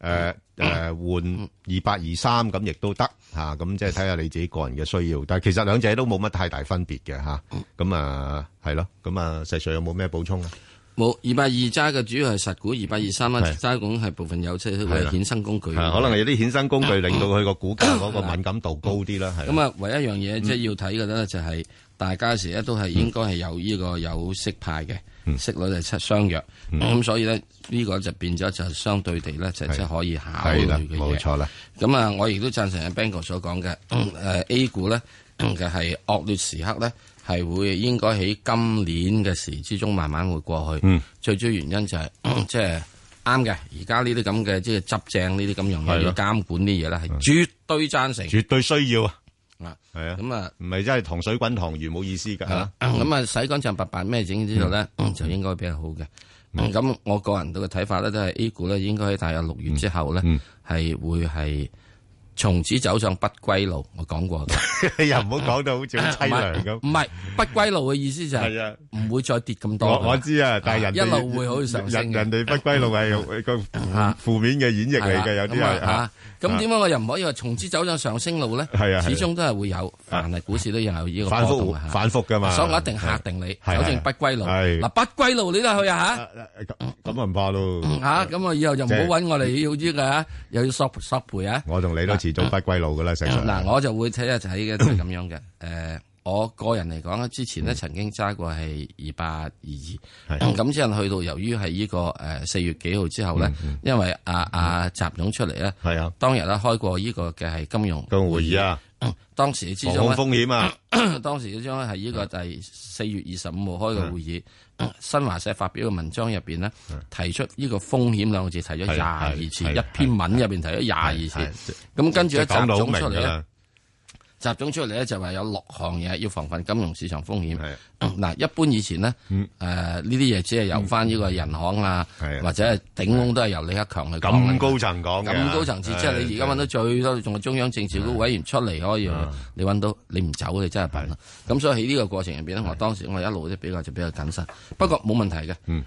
誒誒換二八二三，咁亦都得吓，咁、呃啊、即係睇下你自己個人嘅需要。但係其實兩者都冇乜太大分別嘅吓。咁啊係、啊、咯，咁啊石 Sir 有冇咩補充啊？冇二百二揸嘅主要係實股，二百二三啦。揸股係部分有，即係衍生工具，可能係有啲衍生工具令到佢個股價嗰個敏感度高啲啦。係咁啊，唯一樣嘢即係要睇嘅咧，就係大家時咧都係應該係有呢個有息派嘅息率係七相約，咁所以咧呢個就變咗就相對地咧就即係可以考慮嘅嘢。冇錯啦。咁啊，我亦都贊成阿 Ben 哥所講嘅，誒 A 股咧就係惡劣時刻咧。係會應該喺今年嘅時之中慢慢會過去。最主要原因就係，即係啱嘅。而家呢啲咁嘅，即係執正呢啲咁樣嘅，要監管啲嘢咧，係絕對贊成，絕對需要啊。係啊，咁啊，唔係真係糖水滾糖魚，冇意思㗎。咁啊洗乾淨白板咩整之後咧，就應該比較好嘅。咁我個人嘅睇法咧，都係 A 股咧應該喺大約六月之後咧係會係。從此走上不歸路，我講過嘅， 你又唔好講到好似好淒涼咁。唔係 不歸路嘅意思就係唔會再跌咁多我。我知啊，但係人一路會好以上。人哋不歸路係個負面嘅演繹嚟嘅，有啲係啊。咁點解我又唔可以話從此走上上升路咧？係啊，始終都係會有，凡係股市都有依個反覆，反覆噶嘛。所以我一定嚇定你，走正不歸路。嗱，不歸路你都去啊？吓，咁咁啊唔怕咯吓，咁啊以後就唔好揾我哋要依個又要索索賠啊！我同你都始終不歸路噶啦，成日嗱，我就會睇一睇嘅就係咁樣嘅，誒。我個人嚟講咧，之前咧曾經揸過係二百二二，咁之後去到，由於係呢個誒四月幾號之後呢，ä h, 因為阿阿習總出嚟咧，啊、當日咧開過呢個嘅係金融嘅會、會議啊，當時你知道風險咧，當時你知道咧係呢個就係四月二十五號開嘅會議，新華社發表嘅文章入邊呢，提出呢個風險兩個字提咗廿二次，一篇文入邊提咗廿二次，咁跟住咧習總出嚟咧。集中出嚟咧就話有六項嘢要防範金融市場風險。嗱，一般以前呢，誒呢啲嘢只係由翻呢個人行啊，或者係頂窿都係由李克強去咁高層講，咁高層次。即係你而家搵到最多，仲係中央政治局委員出嚟可以，你搵到你唔走，你真係笨啦。咁所以喺呢個過程入邊咧，我當時我一路都比較就比較謹慎。不過冇問題嘅。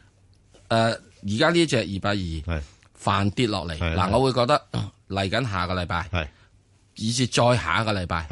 誒，而家呢隻二百二，係反跌落嚟。嗱，我會覺得嚟緊下個禮拜係以至再下一個禮拜，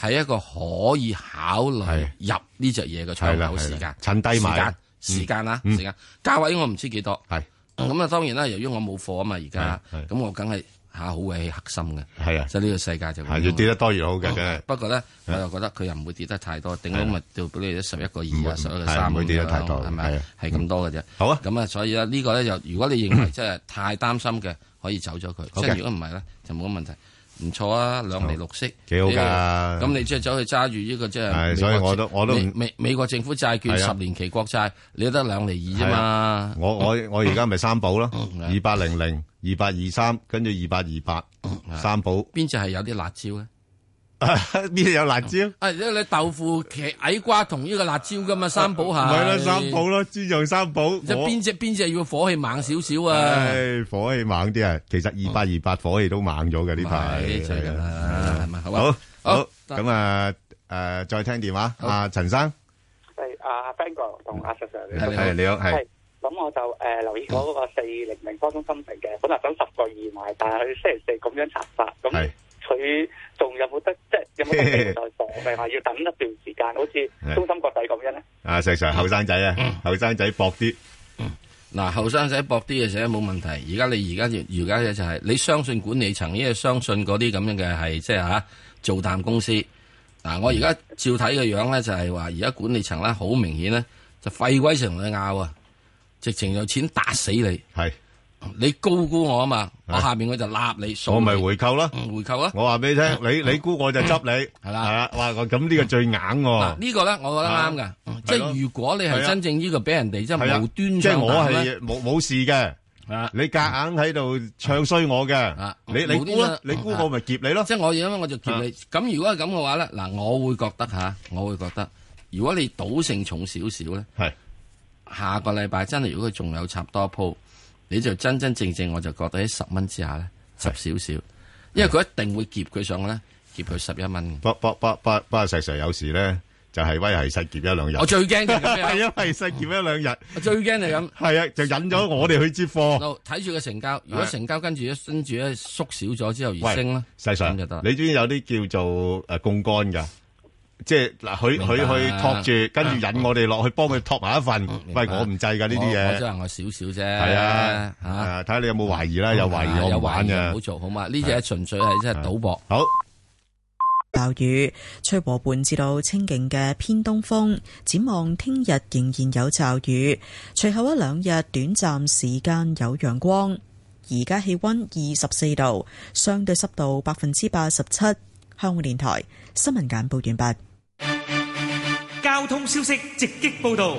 係一個可以考慮入呢隻嘢嘅參考時間，趁低買時間啦，時間價位我唔知幾多。係咁啊，當然啦，由於我冇貨啊嘛，而家咁我梗係下好鬼黑心嘅。係啊，即係呢個世界就係要跌得多越好嘅。不過咧，我又覺得佢又唔會跌得太多，頂多咪掉俾你十一個二啊，十一個三咁樣。唔會跌得太多，係咪？係咁多嘅啫。好啊。咁啊，所以咧呢個咧，又如果你認為真係太擔心嘅，可以走咗佢。即係如果唔係咧，就冇乜問題。唔錯啊，兩厘六色，幾、嗯、好㗎、啊！咁你即係走去揸住呢個即係、嗯、美美國政府債券，十年期國債，嗯、你得兩厘二啫嘛。我我我而家咪三保咯，嗯、二八零零、二八二三，跟住二八二八，嗯、三保寶。邊隻係有啲辣椒咧？邊只有辣椒？啊，因為你豆腐茄、矮瓜同呢個辣椒噶嘛，三寶吓。咪咯，三寶咯，煎釀三寶。即係邊隻邊隻要火氣猛少少啊？唉，火氣猛啲啊！其實二八二八火氣都猛咗嘅呢排。係就係啦，好好，咁啊，誒，再聽電話阿陳生。係阿 Ben 哥同阿 Sasa 你好。係你好，係。咁我就誒留意咗嗰個四零零方中新城嘅，本來想十個二埋，但係佢星期四咁樣拆法，咁佢。仲有冇得即係有冇平台房？定係要等一段時間？好似中心國際咁樣咧？啊，石 Sir 後生仔啊，後生仔搏啲。嗱、嗯，後生仔搏啲嘅時候冇問題。而家你而家而家嘅就係、是、你相信管理層，因為相信嗰啲咁樣嘅係即係吓做淡公司。嗱、啊，我而家照睇嘅樣咧，就係話而家管理層咧好明顯咧就廢鬼成同你拗啊！直情有錢打死你。係。你高估我啊嘛，我下邊我就立你，我咪回購啦，回購啊！我話俾你聽，你你估我就執你，係啦，係啦，哇，咁呢個最硬喎。嗱，呢個咧，我覺得啱嘅，即係如果你係真正呢個俾人哋即係無端端咧，即係我係冇冇事嘅，你夾硬喺度唱衰我嘅，你你估咧，你估我咪劫你咯。即係我因為我就劫你，咁如果係咁嘅話咧，嗱，我會覺得吓，我會覺得，如果你賭性重少少咧，係下個禮拜真係如果佢仲有插多鋪。你就真真正正，我就覺得喺十蚊之下咧，執是少少，因為佢一定會劫佢上嘅咧，劫佢十一蚊。不不不不不，石 Sir 有時咧就係威係失劫一兩日。我最驚就係咩啊？劫 一兩日， 我最驚就咁。係啊， 就引咗我哋去接貨，睇住個成交。如果成交跟住咧，跟住咧縮小咗之後而升啦，石 Sir。你中意有啲叫做誒槓桿㗎？呃即係嗱，佢佢、啊、去托住，跟住引我哋落去幫佢托埋一份。喂，我唔制，噶呢啲嘢，即係我少少啫。係啊，睇下、啊啊、你有冇懷疑啦？有懷、嗯、疑我唔玩嘅，唔好做好嘛。呢啲嘢純粹係真係賭博、啊啊。好，驟雨吹和緩至到清勁嘅偏東風，展望聽日仍然有驟雨，隨後一兩日短暫時間有陽光。而家氣溫二十四度，相對濕度百分之八十七。香港電台新聞簡報完畢。交通消息直擊報道。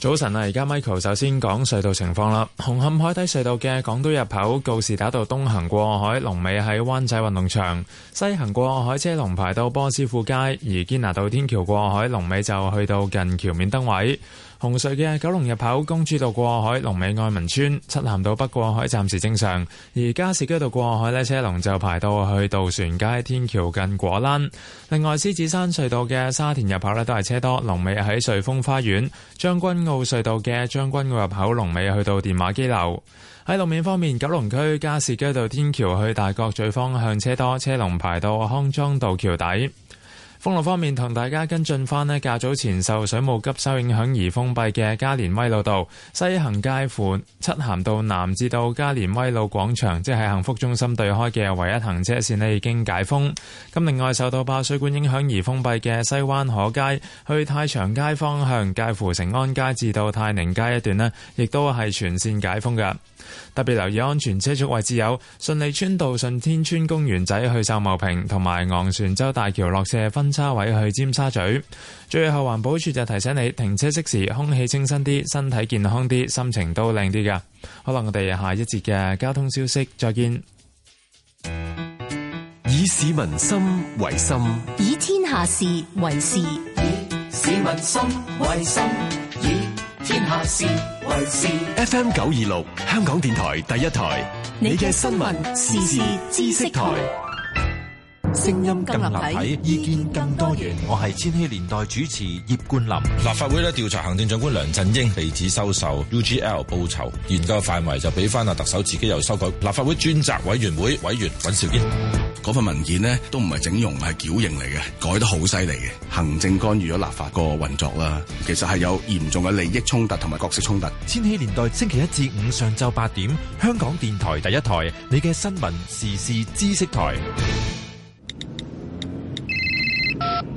早晨啊，而家 Michael 首先講隧道情況啦。紅磡海底隧道嘅港島入口告士打道東行過海，龍尾喺灣仔運動場；西行過海車龍排到波斯富街，而堅拿道天橋過海龍尾就去到近橋面燈位。紅隧嘅九龍入口公主道過海龍尾愛民村，漆咸道北過海暫時正常，而加士居道過海咧車龍就排到去渡船街天橋近果欄。另外，獅子山隧道嘅沙田入口咧都係車多，龍尾喺瑞豐花園。將軍澳隧道嘅將軍澳入口龍尾去到電話機樓。喺路面方面，九龍區加士居道天橋去大角咀方向車多，車龍排到康莊道橋底。封路方面，同大家跟進翻咧，較早前受水務急修影響而封閉嘅加連威老道西行，介乎漆咸道南至到加連威老廣場，即係幸福中心對開嘅唯一行車線咧，已經解封。咁另外受到爆水管影響而封閉嘅西灣河街去太祥街方向，介乎成安街至到太寧街一段咧，亦都係全線解封噶，特別留意安全車速位置，有順利邨道順天邨公園仔去秀茂坪，同埋昂船洲大橋落斜分。車位去尖沙咀，最後環保處就提醒你：停車息時，空氣清新啲，身體健康啲，心情都靚啲噶。好啦，我哋下一節嘅交通消息再見。以市民心為心，以天下事為事。以市民心為心，以天下事為事。F M 九二六，香港電台第一台，你嘅新聞時事知識台。聲音更立體，意見更多元。我係千禧年代主持葉冠林。立法會咧調查行政長官梁振英，被指收受 U G L 報酬，研究範圍就俾翻阿特首自己又修改。立法會專責委員會委員尹兆堅，嗰份文件咧都唔係整容，係矯形嚟嘅，改得好犀利嘅，行政干預咗立法個運作啦。其實係有嚴重嘅利益衝突同埋角色衝突。千禧年代星期一至五上晝八點，香港電台第一台，你嘅新聞時事知識台。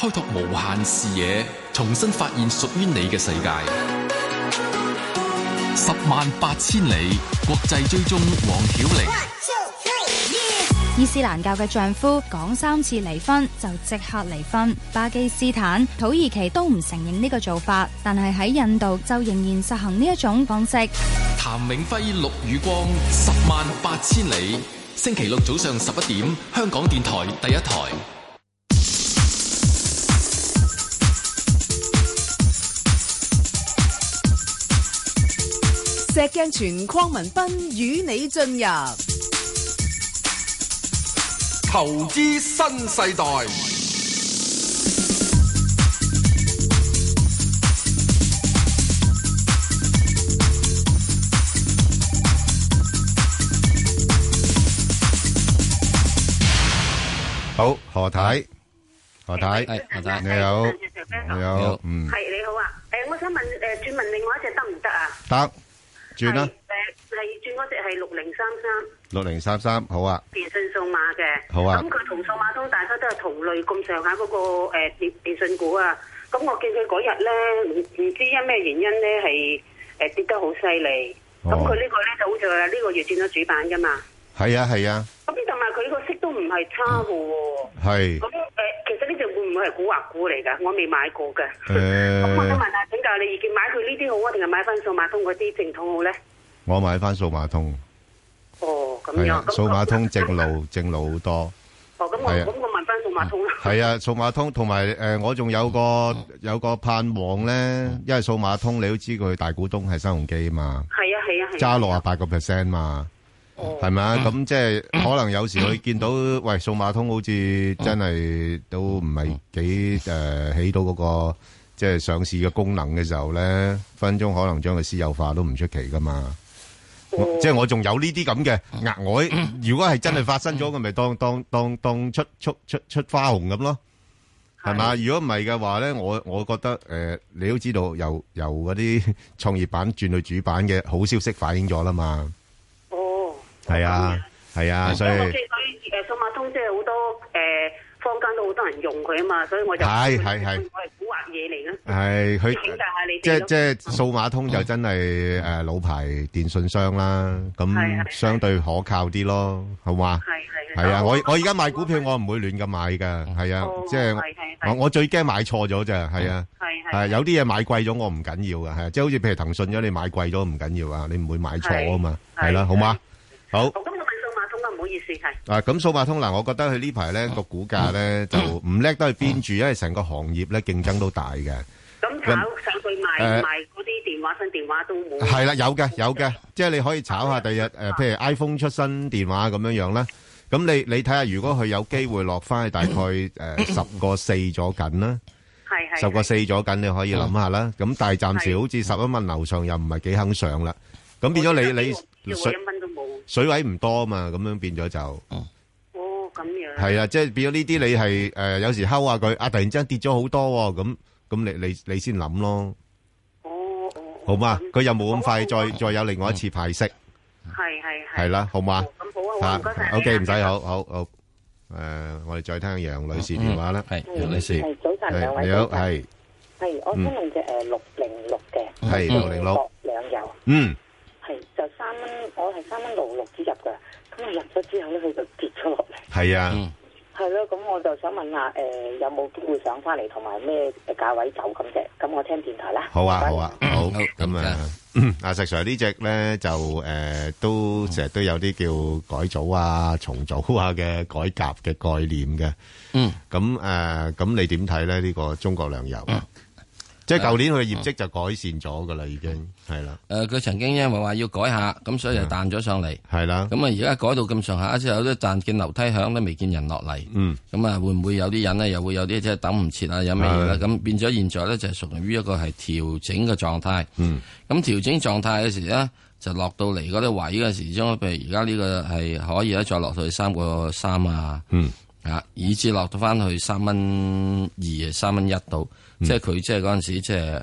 開拓無限視野，重新發現屬於你嘅世界。十萬八千里，國際追蹤黃曉玲。伊斯蘭教嘅丈夫講三次離婚就即刻離婚，巴基斯坦、土耳其都唔承認呢個做法，但係喺印度就仍然實行呢一種方式。譚永輝、陸雨光，十萬八千里，星期六早上十一點，香港電台第一台。石鏡泉、鄺民彬與你進入投資新世代。好，何太何太係、哎、何太你好，你好，係你好啊。誒好，我想問誒，轉、呃、問另外一隻得唔得啊？得。係誒，逆轉嗰隻係六零三三，六零三三好啊。電信數碼嘅好啊，咁佢同數碼通大家都係同類，咁上下嗰個誒電、呃、電信股啊，咁、嗯、我見佢嗰日咧，唔唔知因咩原因咧係誒跌得、嗯嗯哦、好犀利，咁佢呢個咧就好似話呢個月轉咗主板噶嘛。係啊係啊，咁同埋佢個息都唔係差嘅。係，咁，誒，其實呢隻會唔會係古惑股嚟噶？我未買過嘅。誒，我想問下，請教你意見，買佢呢啲好啊，定係買翻數碼通嗰啲正統好咧？我買翻數碼通。哦，咁樣，數碼通正路正路好多。哦，咁我咁我買翻數碼通。係啊，數碼通同埋誒，我仲有個有個盼望咧，因為數碼通你都知佢大股東係新鴻基啊嘛。係啊係啊係。揸六啊八個 percent 嘛。係咪啊？咁即係可能有時佢見到喂數碼通好似真係都唔係幾誒、呃、起到嗰個即係上市嘅功能嘅時候咧，分鐘可能將佢私有化都唔出奇噶嘛。即係我仲有呢啲咁嘅額外，如果係真係發生咗，咁咪當當當當出出出出花紅咁咯。係咪？的如果唔係嘅話咧，我我覺得誒、呃，你都知道由由嗰啲創業板轉去主板嘅好消息反映咗啦嘛。係啊，係啊，所以，即係佢誒，數碼通即係好多誒坊間都好多人用佢啊嘛，所以我就係係係我係古惑嘢嚟咯。係佢即係即係數碼通就真係誒老牌電信商啦，咁相對可靠啲咯，好嘛？係係係啊！我我而家買股票，我唔會亂咁買噶，係啊，即係我我最驚買錯咗啫，係啊，係有啲嘢買貴咗我唔緊要噶，係即係好似譬如騰訊咗你買貴咗唔緊要啊，你唔會買錯啊嘛，係啦，好嘛？好，咁我問數碼通啦，唔好意思係。啊，咁數碼通嗱，我覺得佢呢排咧個股價咧就唔叻，都係邊住，因為成個行業咧競爭都大嘅。咁炒上去賣賣嗰啲電話新電話都冇。係啦，有嘅有嘅，即係你可以炒下第日誒，譬如 iPhone 出新電話咁樣樣啦。咁你你睇下，如果佢有機會落翻去大概誒十個四咗緊啦，係係十個四咗緊，你可以諗下啦。咁但係暫時好似十一蚊樓上又唔係幾肯上啦。咁變咗你你。水位唔多嘛，咁樣變咗就哦，哦咁樣係啦，即係變咗呢啲你係誒，有時敲下佢啊，突然之間跌咗好多咁，咁你你你先諗咯。哦哦，好嘛，佢又冇咁快再再有另外一次派息？係係係。係啦，好嘛。咁好啊，好唔該晒。O K，唔使好好好，誒，我哋再聽楊女士電話啦。係楊女士，早晨，兩位好，係係，我聽住誒六零六嘅，係六零六，兩油，嗯。就三蚊，我係三蚊六六之入噶，咁入咗之後咧，佢就跌出落嚟。係啊，係咯，咁我就想問下，誒，有冇機會上翻嚟，同埋咩價位走咁啫？咁我聽電台啦。好啊，好啊，好，咁啊，阿石 Sir 呢隻咧就誒，都成日都有啲叫改組啊、重組下嘅、改革嘅概念嘅。嗯，咁誒，咁你點睇咧？呢個中國糧油。即係舊年佢嘅業績就改善咗噶啦，已經係啦。誒的，佢、呃、曾經因為話要改下，咁所以就彈咗上嚟。係啦的。咁啊，而家改到咁上下之後咧，但見樓梯響都未見人落嚟。嗯。咁啊，會唔會有啲人呢？又會有啲即係等唔切啊？有咩嘢咧？咁、嗯、變咗，現在呢，就係屬於一個係調整嘅狀態。嗯。咁調整狀態嘅時呢，就落到嚟嗰啲位嘅時候，譬如而家呢個係可以咧，再落到去三個三啊。嗯。啊，以至落到翻去三蚊二啊，三蚊一度。嗯、即係佢即係嗰陣時，即係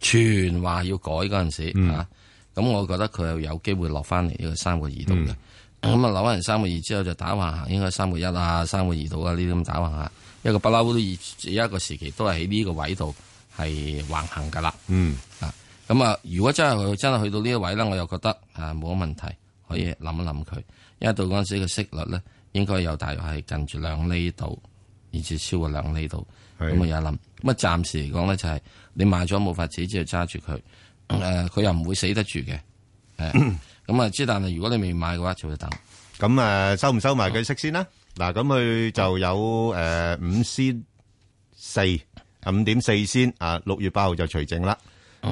全話要改嗰陣時咁、嗯啊、我覺得佢又有機會落翻嚟呢三個二度嘅。咁啊、嗯，落翻嚟三個二之後就打橫行，應該三個一啦、啊，三個二度啊呢啲咁打橫行，一個不嬲都二，一個時期都係喺呢個位度係橫行噶啦。嗯啊，咁啊，如果真係佢真係去到呢一位咧，我又覺得啊冇乜問題，可以諗一諗佢，因為到嗰陣時嘅息率咧，應該有大約係近住兩厘度。而至超過兩釐度，咁我有一諗，咁啊暫時嚟講咧就係你買咗冇法子，只係揸住佢，誒、呃、佢又唔會死得住嘅，誒咁啊即但係如果你未買嘅話，就會等。咁誒、嗯嗯嗯、收唔收埋佢息先啦？嗱、嗯，咁佢、啊、就有誒五、呃、先四五點四先啊，六月八號就除淨啦。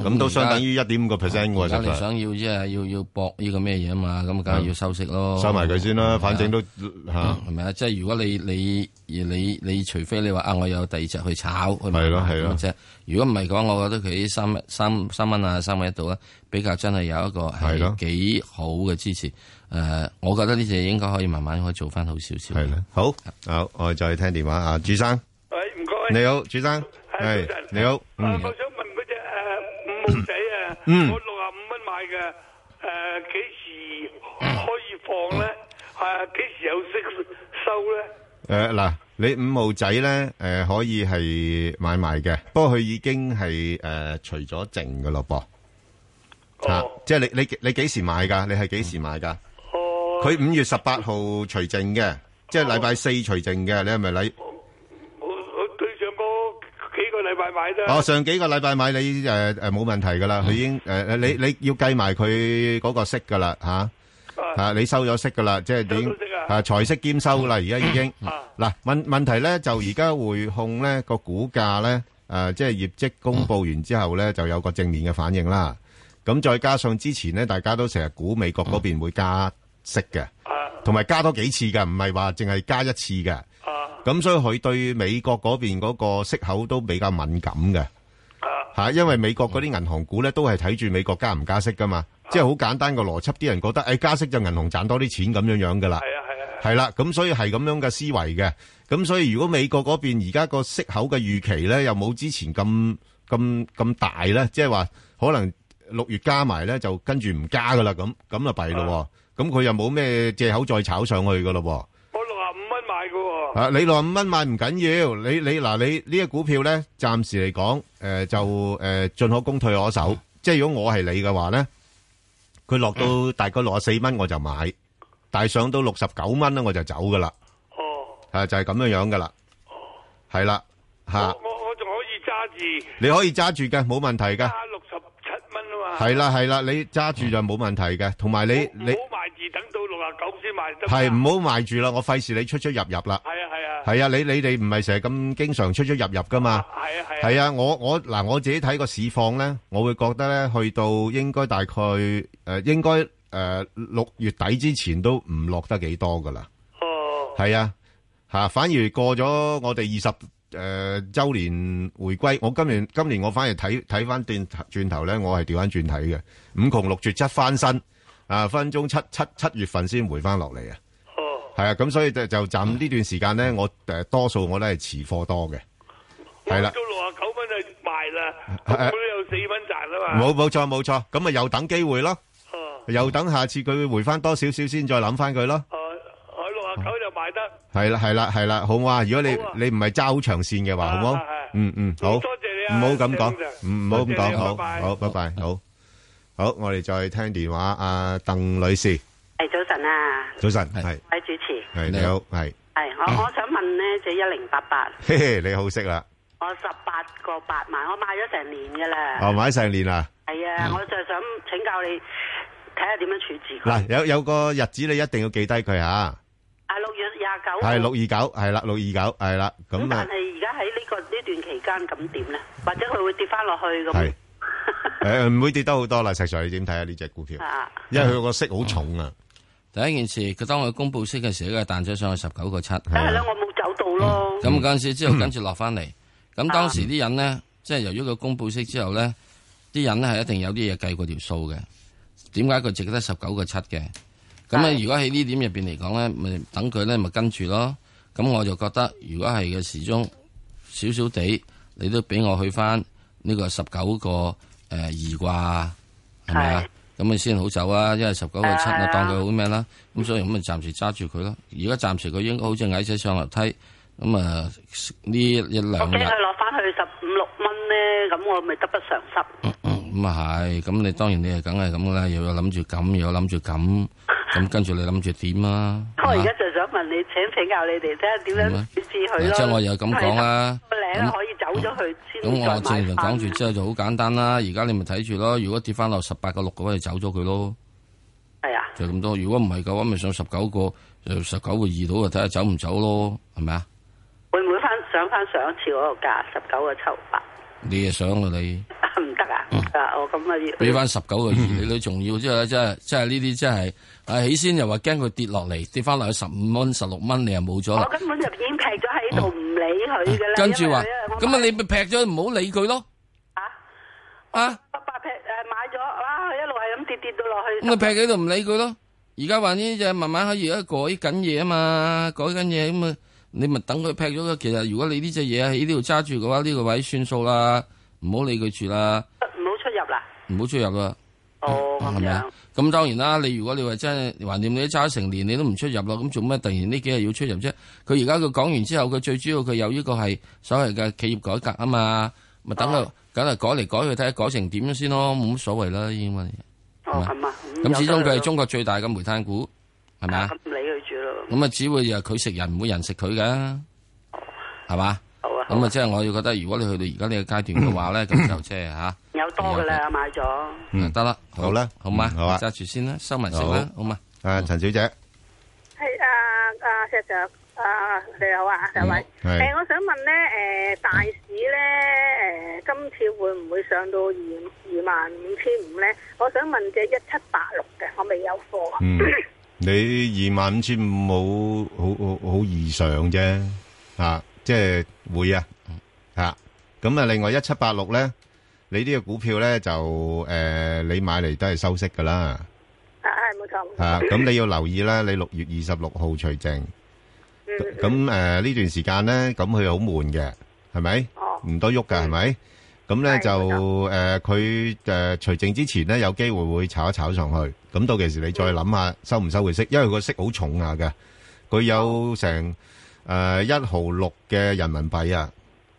咁都相等於一點五個 percent 喎，其實。想要即係要要博呢個咩嘢啊嘛，咁梗係要收息咯。收埋佢先啦，反正都嚇。係咪啊？即係如果你你而你你除非你話啊，我有第二隻去炒，係咯係咯。即係如果唔係嘅話，我覺得佢三三三蚊啊，三蚊一度啊，比較真係有一個係幾好嘅支持。係咯。誒，我覺得呢隻應該可以慢慢可以做翻好少少。係啦。好。好，我哋再聽電話啊，朱生。唔該。你好，朱生。係。你好。啊，五號仔啊！嗯、我六啊五蚊買嘅，誒、呃，幾時可以放咧？係啊，幾時有息收咧？誒、呃，嗱，你五號仔咧，誒、呃，可以係買賣嘅，不過佢已經係誒、呃、除咗淨嘅咯噃。哦，啊、即係你你你幾時買噶你係幾時買噶哦，佢五月十八號除淨嘅，哦、即係禮拜四除淨嘅，你係咪禮？哦，上幾個禮拜買你誒誒冇問題噶啦，佢已經誒誒你你要計埋佢嗰個息噶啦吓，吓你收咗息噶啦，即係已經誒財息兼收啦，而家已經嗱問問題咧，就而家匯控咧個股價咧誒即係業績公布完之後咧就有個正面嘅反應啦，咁再加上之前咧大家都成日估美國嗰邊會加息嘅，同埋加多幾次噶，唔係話淨係加一次嘅。咁所以佢對美國嗰邊嗰個息口都比較敏感嘅，吓、啊，因為美國嗰啲銀行股咧都係睇住美國加唔加息噶嘛，啊、即係好簡單個邏輯，啲人覺得誒、哎、加息就銀行賺多啲錢咁樣樣噶、啊啊啊、啦，係啊係啊，係啦，咁所以係咁樣嘅思維嘅，咁所以如果美國嗰邊而家個息口嘅預期咧又冇之前咁咁咁大咧，即係話可能六月加埋咧就跟住唔加噶啦，咁咁就弊咯，咁佢、啊、又冇咩借口再炒上去噶咯喎。啊！你落五蚊買唔緊要，你你嗱你呢個股票咧，暫時嚟講，誒就誒進可攻退可守。即係如果我係你嘅話咧，佢落到大概六十四蚊我就買，但係上到六十九蚊咧我就走噶啦。哦，係就係咁樣樣噶啦。哦，係啦，吓。我我仲可以揸住。你可以揸住嘅，冇問題嘅。揸六十七蚊啊嘛。係啦係啦，你揸住就冇問題嘅，同埋你你。等到六啊九先賣，係唔好賣住啦！我費事你出出入入啦。係啊係啊，係啊！你你哋唔係成日咁經常出出入入㗎嘛？係啊係啊，係啊！我我嗱我自己睇個市況咧，我會覺得咧，去到應該大概誒應該誒六月底之前都唔落得幾多㗎啦。哦，係啊嚇，反而過咗我哋二十誒週年回歸，我今年今年我反而睇睇返轉轉頭咧，我係掉返轉睇嘅，五窮六絕七翻身。啊！分分鐘七七七月份先回翻落嚟啊！係啊，咁所以就就暫呢段時間咧，我誒多數我都係持貨多嘅。係啦，到六啊九蚊就賣啦，我都有四蚊賺啊嘛。冇冇錯冇錯，咁啊又等機會咯。哦，又等下次佢會回翻多少少先，再諗翻佢咯。哦，佢六啊九就買得。係啦係啦係啦，好唔好啊？如果你你唔係揸好長線嘅話，好唔好？嗯嗯，好。多謝你，唔好咁講，唔好咁講，好好，拜拜，好。好，我哋再聽電話，阿鄧女士。係早晨啊，早晨係。喂，主持係你好，係係我我想問咧，就一零八八。你好識啦。我十八個八萬，我買咗成年噶啦。哦，買成年啦。係啊，我就想請教你，睇下點樣處置佢。嗱，有有個日子你一定要記低佢啊。啊，六月廿九。係六二九，係啦，六二九，係啦。咁但係而家喺呢個呢段期間，咁點咧？或者佢會跌翻落去咁？誒、 哎，唔會跌得好多啦，石 Sir，你點睇下呢隻股票，因為佢個息好重啊，啊，啊，啊。第一件事，佢當佢公布息嘅時候，佢彈咗上去十九個七。係咯、啊，我冇走到咯。咁嗰陣時之後，跟住落翻嚟。咁、嗯、當時啲人呢，即係由於佢公布息之後呢，啲人咧係一定有啲嘢計過條數嘅。點解佢值得十九個七嘅？咁咧，如果喺呢點入邊嚟講呢，咪等佢咧，咪跟住咯。咁我就覺得，如果係嘅時鐘少少地，你都俾我去翻呢個十九個。誒，二啩、呃，係咪啊？咁你先好走啊！因為十九個七，我當佢好咩啦？咁的所以咁咪暫時揸住佢咯。而家暫時佢應該好似矮仔上樓梯，咁啊一一兩 15, 呢一兩日，我驚佢攞翻去十五六蚊咧，咁我咪得不償失。嗯咁啊係，咁你、嗯嗯、當然你係梗係咁啦，又有諗住咁，又有諗住咁，咁、嗯、跟住你諗住點啊？我而家就想問你，請請教你哋睇下點樣處置佢咯。嗯嗯嗯、即係我又咁講啦，咁我正常講住之後就好簡單啦。而家你咪睇住咯，如果跌翻落十八個六可以，走咗佢咯。係啊。就咁多，如果唔係嘅話，咪上十九個，上就十九個二度啊，睇下走唔走咯，係咪啊？會唔會翻上翻上一次嗰個價？十九個七六八。你又想啊你？唔得啊！啊，我咁啊，俾翻十九個二，你都仲要即係即係即係呢啲即係啊！起先又話驚佢跌落嚟，跌翻落去十五蚊、十六蚊，你又冇咗。我根本就已經劈咗喺度，唔理佢噶啦。跟住話，咁啊，你、啊呃啊、咪劈咗唔好理佢咯。啊啊，八八劈誒，買咗哇，一路係咁跌跌到落去。咁咪劈喺度唔理佢咯。而家話呢隻慢慢可以而家改緊嘢啊嘛，改緊嘢咁啊，你咪等佢劈咗。其實如果你呢隻嘢喺呢度揸住嘅話，呢、這個位算數啦。唔好理佢住啦，唔好出入啦，唔好出入啦！哦，係咪啊？咁當然啦，你如果你話真係橫掂，你揸成年，你都唔出入咯，咁做咩突然呢幾日要出入啫？佢而家佢講完之後，佢最主要佢有呢個係所謂嘅企業改革啊嘛，咪等佢梗係改嚟改去睇下改成點先咯，冇乜所謂啦，因為咁、哦、始終佢係中國最大嘅煤炭股，係咪啊？唔理佢住咯，咁啊只會又佢食人，唔、嗯、會人食佢噶，係嘛？Connect ion 咁啊，即係我要覺得，如果你去到而家呢個階段嘅話咧，咁就即係吓有多嘅啦，買咗嗯得啦，好啦，好嘛，好啊，揸住先啦，收埋先啦，好，好嘛，啊，陳小姐係啊，啊石 sir 啊你好啊，陳偉，誒，我想問咧，誒，大市咧，誒，今次會唔會上到二二萬五千五咧？我想問隻一七八六嘅，我未有貨。你二萬五千五冇，好好好易上啫，啊！即係會啊，係啦。咁啊，另外一七八六咧，你呢啲嘅股票咧就誒，你買嚟都係收息噶啦。啊，係冇錯。啊，咁你要留意啦。你六月二十六號除淨。嗯。咁誒呢段時間咧，咁佢好悶嘅，係咪？哦。唔多喐噶，係咪？咁咧就誒，佢誒除淨之前咧，有機會會炒一炒上去。咁到時你再諗下收唔收回息，因為個息好重啊㗎，佢有成。誒，一、呃、毫六嘅人民幣啊，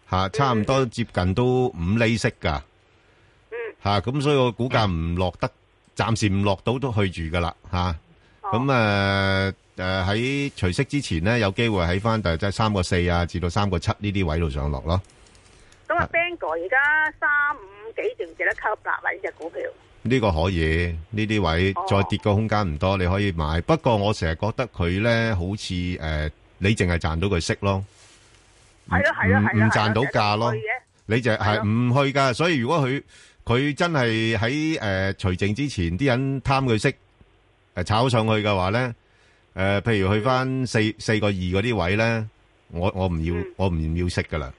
吓、啊、差唔多接近都五厘息噶，吓咁，所以個股價唔落得，暫、嗯、時唔落到都去住噶啦，吓咁誒誒喺除息之前咧，有機會喺翻第即係三個四啊，至到三個七呢啲位度上落咯。咁啊 Bangor 而家三五幾條字咧，吸納啊呢隻股票呢個可以呢啲位、哦、再跌個空間唔多，你可以買。不過我成日覺得佢咧好似誒。呃呃你淨係賺到個息咯，係咯係咯係啊，唔賺到價咯，你就係唔去噶。所以如果佢佢真係喺誒除淨之前，啲人貪佢息誒炒上去嘅話咧，誒，譬如去翻四四個二嗰啲位咧，我我唔要，我唔要息噶啦。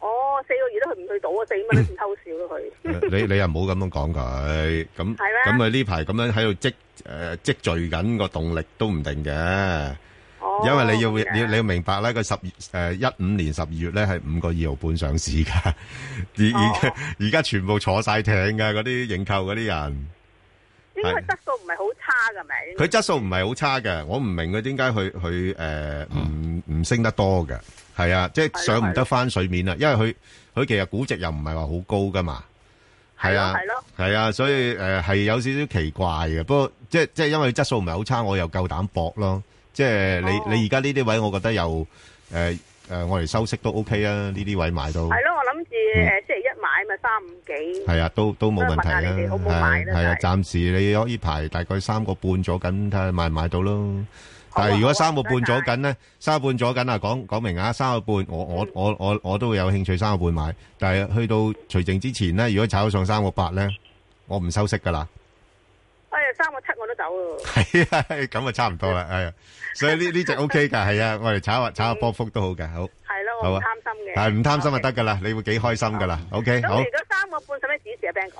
哦，四個二都去唔去到啊？四蚊都唔偷笑咯，佢。你你又唔好咁樣講佢，咁咁佢呢排咁樣喺度積誒積聚緊個動力都唔定嘅。因為你要你你要明白咧，佢十月誒一五年十二月咧係五個二號半上市噶而而家全部坐晒艇嘅嗰啲認購嗰啲人，應該質素唔係好差噶咪？佢質素唔係好差嘅，我唔明佢點解佢去誒唔唔升得多嘅？係啊，即係上唔得翻水面啊，因為佢佢其實估值又唔係話好高噶嘛，係啊係咯係啊，所以誒係有少少奇怪嘅。不過即即係因為質素唔係好差，我又夠膽搏咯。即係你你而家呢啲位，我覺得又誒誒，我嚟收息都 OK 啊！呢啲位買到係咯，我諗住誒，星期一買咪三五幾？係啊，都都冇問題啦，係係啊，暫時你呢排大概三個半左緊，睇下買唔買到咯。但係如果三個半左緊咧，三個半左緊啊，講講明啊，三個半，我我我我我都會有興趣三個半買。但係去到除淨之前咧，如果炒上三個八咧，我唔收息㗎啦。哎呀，三個七我都走咯。係啊，咁啊差唔多啦，係啊，所以呢呢隻 O K 噶，係啊，我哋炒一炒下波幅都好嘅，好。係咯，唔貪心嘅。係唔貪心就得噶啦，你會幾開心噶啦。O K，好。咁如果三個半使乜指示啊，Ben 哥？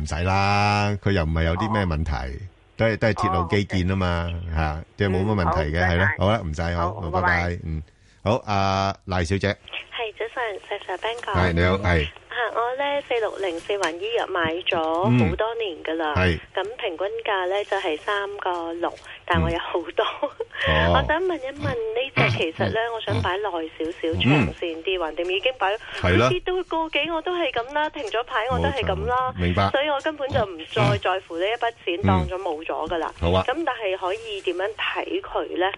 唔使啦，佢又唔係有啲咩問題，都係都係鐵路基建啊嘛嚇，即係冇乜問題嘅，係咯，好啦，唔使我，拜拜，嗯，好，阿賴小姐，係早晨，早晨 Ben 哥，係你好，係。我咧，四六零四環醫藥買咗好多年噶啦，咁平均價咧就係三個六，但我有好多。我想問一問呢隻，其實咧，我想擺耐少少，長線啲，橫掂已經擺。係啦，都到個幾我都係咁啦，停咗牌我都係咁啦，明白。所以我根本就唔再在乎呢一筆錢當咗冇咗噶啦。好啊，咁但係可以點樣睇佢咧？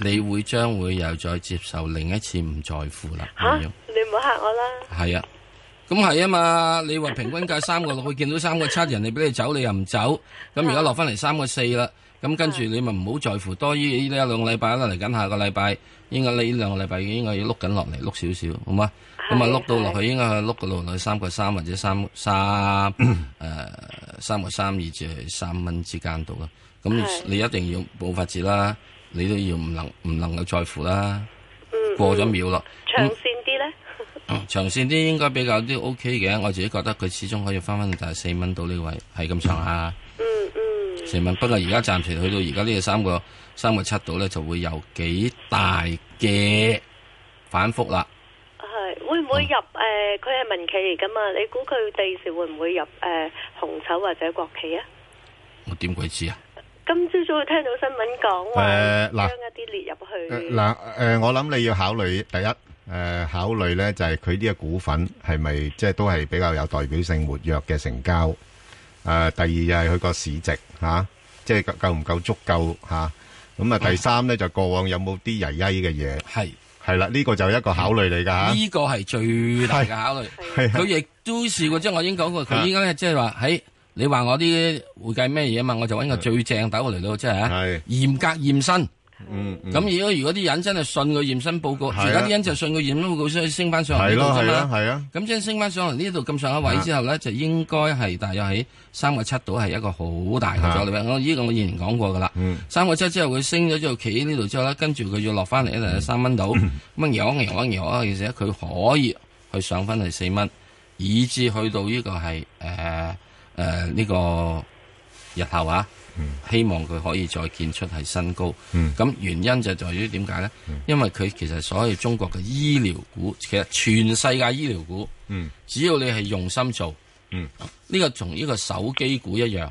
你會將會又再接受另一次唔在乎啦吓？你唔好吓我啦，係啊。咁係啊嘛，你話平均價三個六，佢見到三個七，人哋俾你走，你又唔走。咁而家落翻嚟三個四啦，咁跟住你咪唔好在乎多於呢一兩個禮拜啦，嚟緊下個禮拜，應該呢兩個禮拜應該要碌緊落嚟，碌少少，好嘛？咁啊碌到落去，應該係碌個路落去三個三或者三三誒，三個三二至係三蚊之間度啦。咁你一定要冇法子啦，你都要唔能唔能夠在乎啦。嗯。過咗秒啦。嗯、長線啲應該比較都 OK 嘅，我自己覺得佢始終可以翻翻嚟第四蚊到呢個位，係咁上下。嗯嗯。嗯四蚊，不過而家暫時去到而家呢個三個三個七度咧，就會有幾大嘅反覆啦。係會唔會入？誒、嗯，佢係、呃、民企嚟噶嘛？你估佢第時會唔會入？誒、呃，紅籌或者國企啊？我點鬼知啊？今朝早聽到新聞講話將一啲列入去。嗱誒、呃呃呃呃，我諗你要考慮第一。誒，考慮咧就係佢呢個股份係咪即係都係比較有代表性活躍嘅成交？誒，第二又係佢個市值吓，即係夠唔夠足夠吓？咁啊，第三咧就過往有冇啲曳曳嘅嘢？係係啦，呢個就一個考慮嚟噶。呢個係最大嘅考慮。係係。佢亦都試過，即係我已經講過，佢依家即係話喺你話我啲會計咩嘢啊嘛，我就揾個最正打過嚟咯，即係啊，嚴格驗身。嗯，咁如果如果啲人真係信佢驗身報告，而家啲人就信佢驗身報告，所以升翻上嚟到咁啦。係啊，咁嘛、啊啊、即係升翻上嚟呢度咁上下位之後咧，啊、就應該係大約喺三個七度係一個好大嘅阻力我呢、啊、個我以前講過噶啦，三個七之後佢升咗之後企喺呢度之後咧，跟住佢要落翻嚟呢度三蚊度，咁搖一搖一搖啊，其實佢可以去上翻去四蚊，以至去到呢個係誒誒呢個日後啊。啊 希望佢可以再建出係新高，咁、嗯、原因就在於點解咧？嗯、因為佢其實所謂中國嘅醫療股，其實全世界醫療股，嗯、只要你係用心做，呢個同呢個手機股一樣，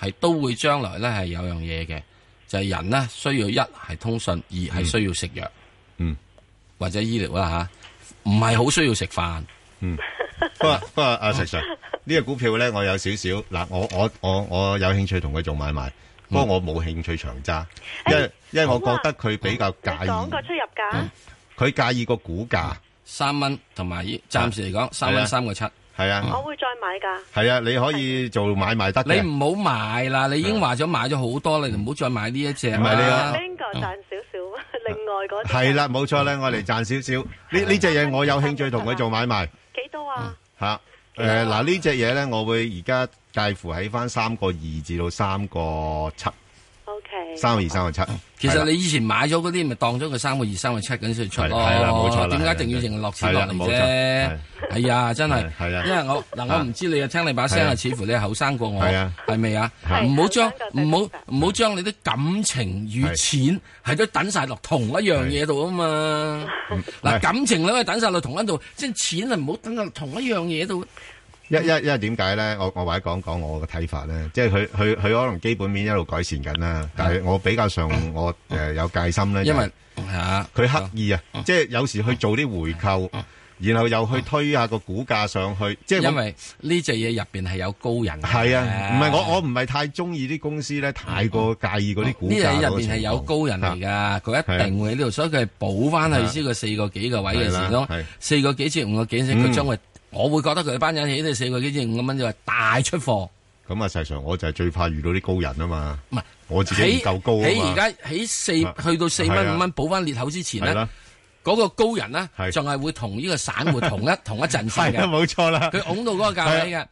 係都會將來咧係有樣嘢嘅，就係、是、人咧需要一係通訊，二係、嗯、需要食藥，嗯、或者醫療啦吓，唔係好需要食飯。不過啊，石生、啊！啊啊呢個股票咧，我有少少嗱，我我我我有興趣同佢做買賣，不過我冇興趣長揸，因因為我覺得佢比較介意。講個出入價，佢介意個股價三蚊，同埋暫時嚟講三蚊三個七，係啊。我會再買㗎。係啊，你可以做買賣得。你唔好買啦，你已經話咗買咗好多啦，唔好再買呢一隻。唔係你啊，賺少少，另外嗰。係啦，冇錯咧，我嚟賺少少。呢呢隻嘢我有興趣同佢做買賣。幾多啊？吓。誒嗱呢隻嘢咧，我會而家介乎喺翻三個二至到三個七。三個二三個七，其實你以前買咗嗰啲咪當咗個三個二三個七咁樣出咯，係啊，冇錯，點解一定要淨係落錢落嚟啫？係啊，真係，因為我嗱，我唔知你啊，聽你把聲啊，似乎你後生過我，係咪啊？唔好將唔好唔好將你啲感情與錢係都等晒落同一樣嘢度啊嘛！嗱，感情你可以等晒落同一度，即係錢啊，唔好等落同一樣嘢度。一、一、一，因爲點解咧？我我或者講講我嘅睇法咧，即係佢佢佢可能基本面一路改善緊啦，但係我比較上我誒有戒心咧，因為吓佢刻意啊，即係有時去做啲回購，然後又去推下個股價上去，即係因為呢隻嘢入邊係有高人係啊，唔係我我唔係太中意啲公司咧，太過介意嗰啲股價。呢嘢入邊係有高人嚟噶，佢一定會喺呢度，所以佢係補翻去先個四個幾個位嘅時咯，四個幾至五個幾升，佢將會。我會覺得佢班人起到四個幾至五咁蚊就係大出貨。咁啊，世上我就係最怕遇到啲高人啊嘛。唔係是，我自己唔夠高。你而家喺四、啊、去到四蚊五蚊補翻裂口之前咧，嗰、啊、個高人咧仲係會同呢個散戶同一 同一陣勢嘅。冇錯、啊、啦，佢拱到嗰個價位嘅。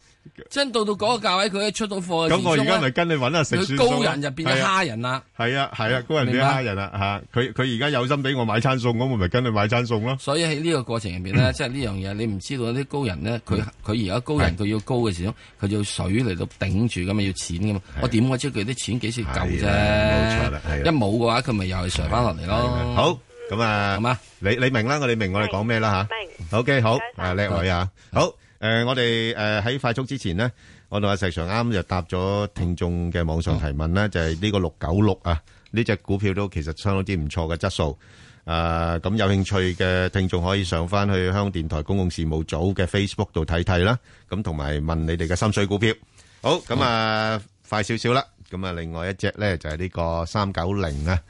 真到到嗰個價位，佢一出到貨，咁我而家咪跟你揾下成數，佢高人就變咗蝦人啦。係啊係啊，高人變蝦人啦吓。佢佢而家有心俾我買餐餸，我咪跟你買餐餸咯。所以喺呢個過程入邊咧，即係呢樣嘢，你唔知道啲高人咧，佢佢而家高人，佢要高嘅時候，佢要水嚟到頂住，咁啊要錢噶嘛。我點解知佢啲錢幾時夠啫？冇錯啦，一冇嘅話，佢咪又係垂翻落嚟咯。好，咁啊，好嘛？你你明啦，我哋明我哋講咩啦吓？O K，好啊，靚女啊，好。誒，我哋誒喺快速之前咧，我同阿石 sir 啱，就答咗聽眾嘅網上提問咧，就係呢個六九六啊呢隻股票都其實相當之唔錯嘅質素。誒，咁有興趣嘅聽眾可以上翻去香港電台公共事務組嘅 Facebook 度睇睇啦。咁同埋問你哋嘅心水股票好，咁啊，快少少啦。咁啊，另外一隻咧就係呢個三九零啊，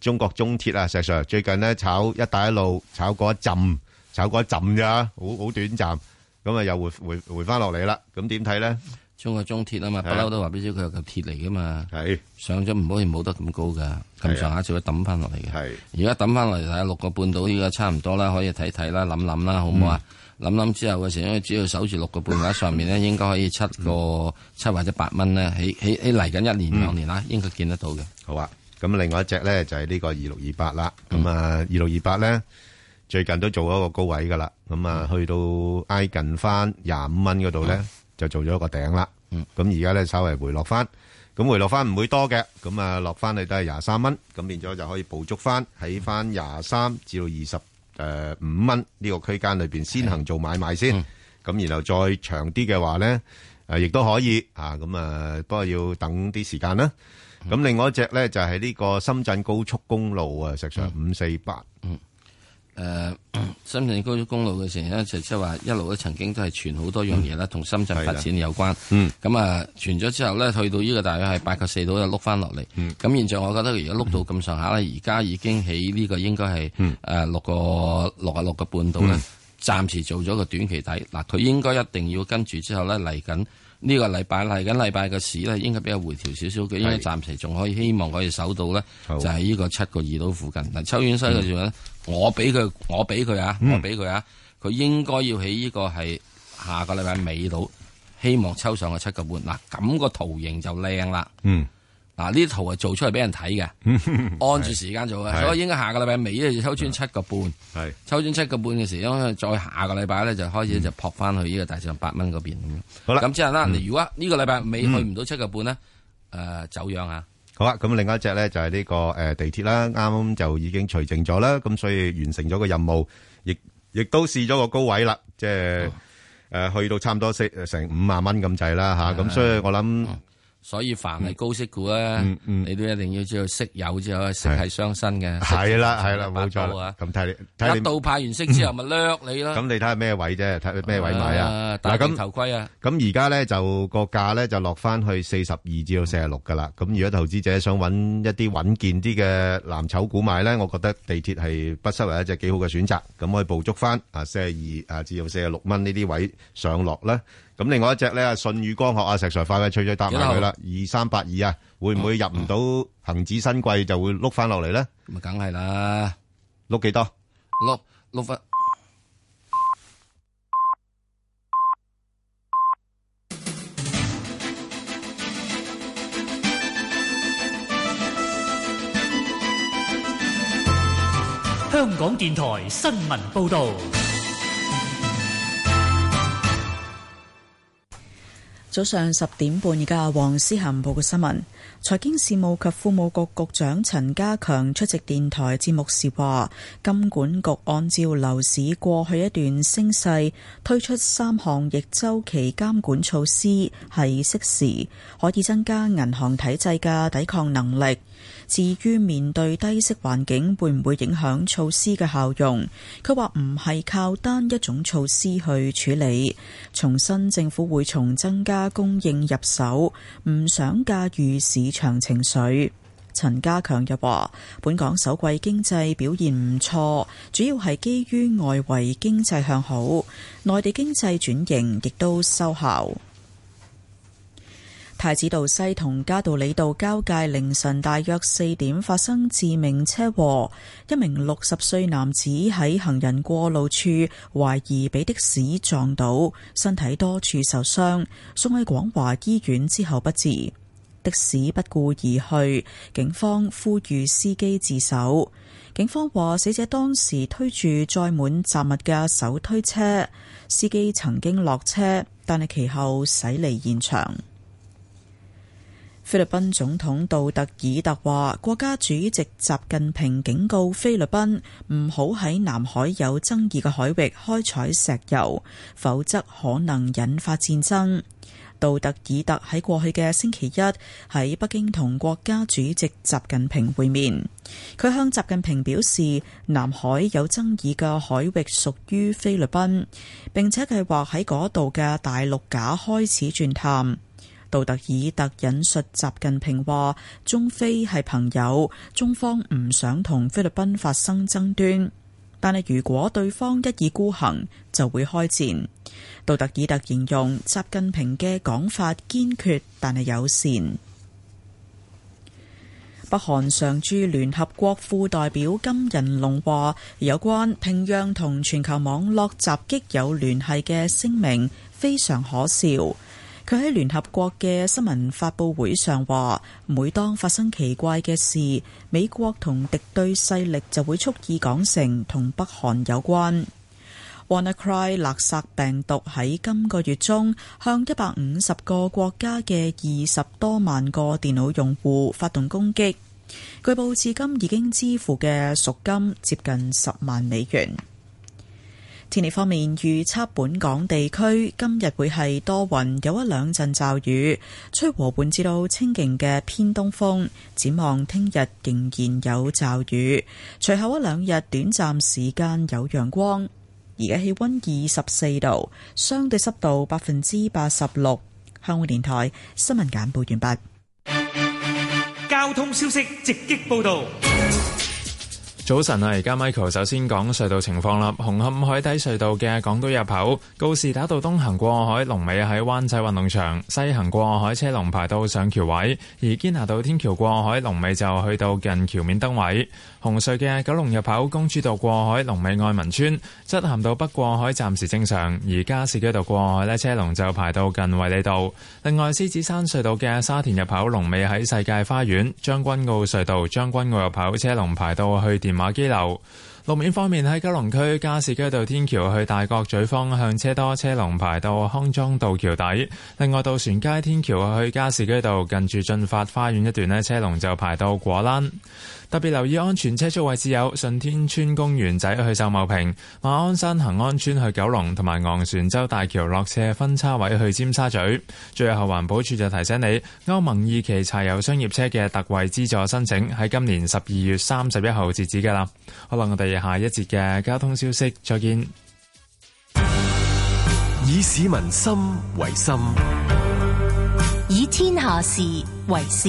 中國中鐵啊，石 sir 最近咧炒一帶一路炒過一浸，炒過一浸咋，好好短暫。咁啊，又回回回翻落嚟啦。咁點睇咧？中國中鐵啊嘛，不嬲是的 都話，至少佢有嚿鐵嚟噶嘛。係是的 上咗唔可以冇得咁高噶，咁上下就會抌翻落嚟嘅。係而家抌翻落嚟睇下六個半到呢個差唔多啦，可以睇睇啦，諗諗啦，好唔好啊？諗諗、嗯、之後嘅時候，只要守住六個半島上面咧，應該可以七個七、嗯、或者八蚊咧，起起嚟緊一年兩年啦，嗯、年應該見得到嘅。好啊，咁另外一隻咧就係、是、呢個二六二八啦。咁啊，二六二八咧。最近都做咗個高位噶啦，咁啊去到挨近翻廿五蚊嗰度咧，就做咗一個頂啦。咁而家咧稍微回落翻，咁回落翻唔會多嘅，咁啊落翻嚟都係廿三蚊，咁變咗就可以捕捉翻喺翻廿三至到二十誒五蚊呢個區間裏邊先行做買賣先。咁然後再長啲嘅話咧，誒亦都可以啊。咁啊不過要等啲時間啦。咁另外一隻咧就係呢個深圳高速公路啊，實際上五四八。誒深圳高速公路嘅成日就即係話一路都曾經都係傳好多樣嘢啦，同深圳發展有關。嗯，咁啊傳咗之後呢，去到呢個大約係八個四度就碌翻落嚟。咁現在我覺得而家碌到咁上下呢，而家已經喺呢個應該係誒六個六啊六個半度呢，暫時做咗個短期底。嗱，佢應該一定要跟住之後呢，嚟緊呢個禮拜嚟緊禮拜嘅市呢，應該比較回調少少嘅，因為暫時仲可以希望可以守到呢，就係呢個七個二度附近。嗱，秋遠西嘅時候呢。我俾佢，我俾佢啊！我俾佢啊！佢應該要喺呢個係下個禮拜尾度，希望抽上個七個半。嗱，咁個圖形就靚啦。嗯，嗱、啊，呢圖係做出嚟俾人睇嘅， 按住時間做嘅，是所以應該下個禮拜尾就抽穿七個半。係是，抽穿七個半嘅時候，應該再下個禮拜咧就開始就撲翻去呢個大上八蚊嗰邊咁了樣。好啦，咁之後啦，你、嗯、如果呢個禮拜尾去唔到七個半咧，誒、嗯呃、走樣啊！好啦，咁另一隻咧就係呢個誒地鐵啦，啱啱就已經除剩咗啦，咁所以完成咗個任務，亦亦都試咗個高位啦，即係誒去到差唔多四成五萬蚊咁滯啦吓，咁所以我諗。所以凡係高息股咧，你都一定要知道息有之後，食係傷身嘅。係啦係啦，冇錯啊！咁睇你睇到派完息之後咪掠你囉。咁你睇下咩位啫？睇咩位買啊？戴面頭盔啊！咁而家咧就個價咧就落翻去四十二至到四十六噶啦。咁如果投資者想揾一啲穩健啲嘅藍籌股買咧，我覺得地鐵係不失為一隻幾好嘅選擇。咁可以捕捉翻啊四十二啊至到四十六蚊呢啲位上落咧。咁另外一隻咧，舜宇光學啊，石 Sir 快快脆脆答埋佢啦，二三八二啊，會唔會入唔到恒指新貴就會碌翻落嚟咧？咪梗係啦，碌幾多？碌碌翻。香港電台新聞報道。早上十點半，而家黃思涵報嘅新聞，財經事務及庫務局局長陳家強出席電台節目時話，金管局按照樓市過去一段升勢推出三項逆週期監管措施適，係適時可以增加銀行體制嘅抵抗能力。至於面對低息環境，會唔會影響措施嘅效用？佢話唔係靠單一種措施去處理，重申政府會從增加供應入手，唔想駕馭市場情緒。陳家強又話：本港首季經濟表現唔錯，主要係基於外圍經濟向好，內地經濟轉型亦都收效。太子道西同嘉道理道交界，凌晨大約四點發生致命車禍，一名六十歲男子喺行人過路處懷疑俾的士撞到身體多處受傷，送去廣華醫院之後不治。的士不顧而去，警方呼籲司機自首。警方話，死者當時推住載滿雜物嘅手推車，司機曾經落車，但係其後駛離現場。菲律賓總統杜特爾特話：國家主席習近平警告菲律賓唔好喺南海有爭議嘅海域開採石油，否則可能引發戰爭。杜特爾特喺過去嘅星期一喺北京同國家主席習近平會面，佢向習近平表示南海有爭議嘅海域屬於菲律賓，並且計劃喺嗰度嘅大陸架開始鑽探。杜特爾特引述習近平話：中菲係朋友，中方唔想同菲律賓發生爭端，但係如果對方一意孤行，就會開戰。杜特爾特形容習近平嘅講法堅決，但係友善。北韓常駐聯合國副代表金仁龍話：有關平壤同全球網絡襲擊有聯繫嘅聲明，非常可笑。佢喺聯合國嘅新聞發佈會上話，每當發生奇怪嘅事，美國同敵對勢力就會蓄意講成同北韓有關。Wanna Cry 勒殺病毒喺今個月中向一百五十個國家嘅二十多萬個電腦用戶發動攻擊，據報至今已經支付嘅贖金接近十萬美元。天氣方面，預測本港地區今日會係多雲，有一兩陣驟雨，吹和緩至到清勁嘅偏東風。展望聽日仍然有驟雨，隨後一兩日短暫時間有陽光。而家氣溫二十四度，相對濕度百分之八十六。香港電台新聞簡報完畢。交通消息直擊報道。早晨啊！而家 Michael 首先講隧道情況啦。紅磡海底隧道嘅港島入口，告士打道東行過海龍尾喺灣仔運動場，西行過海車龍排到上橋位；而堅拿道天橋過海龍尾就去到近橋面燈位。紅隧嘅九龍入口，公主道過海龍尾愛民村，漆咸道北過海暫時正常。而加士居道過海咧，車龍就排到近衛理道。另外，獅子山隧道嘅沙田入口龍尾喺世界花園，將軍澳隧道將軍澳入口車龍排到去電。馬基樓路面方面，喺九龍區加士居道天橋去大角咀方向車多，車龍排到康莊道橋底，另外渡船街天橋去加士居道近住駿發花園一段咧，車龍就排到果欄。特別留意安全車速位置，有順天村公園仔去秀茂坪、馬鞍山恆安村去九龍，同埋昂船洲大橋落車分叉位去尖沙咀。最後環保署就提醒你，歐盟二期柴油商業車嘅特惠資助申請喺今年十二月三十一號截止噶啦。好啦，我哋下一節嘅交通消息再見。以市民心為心，以天下事為事。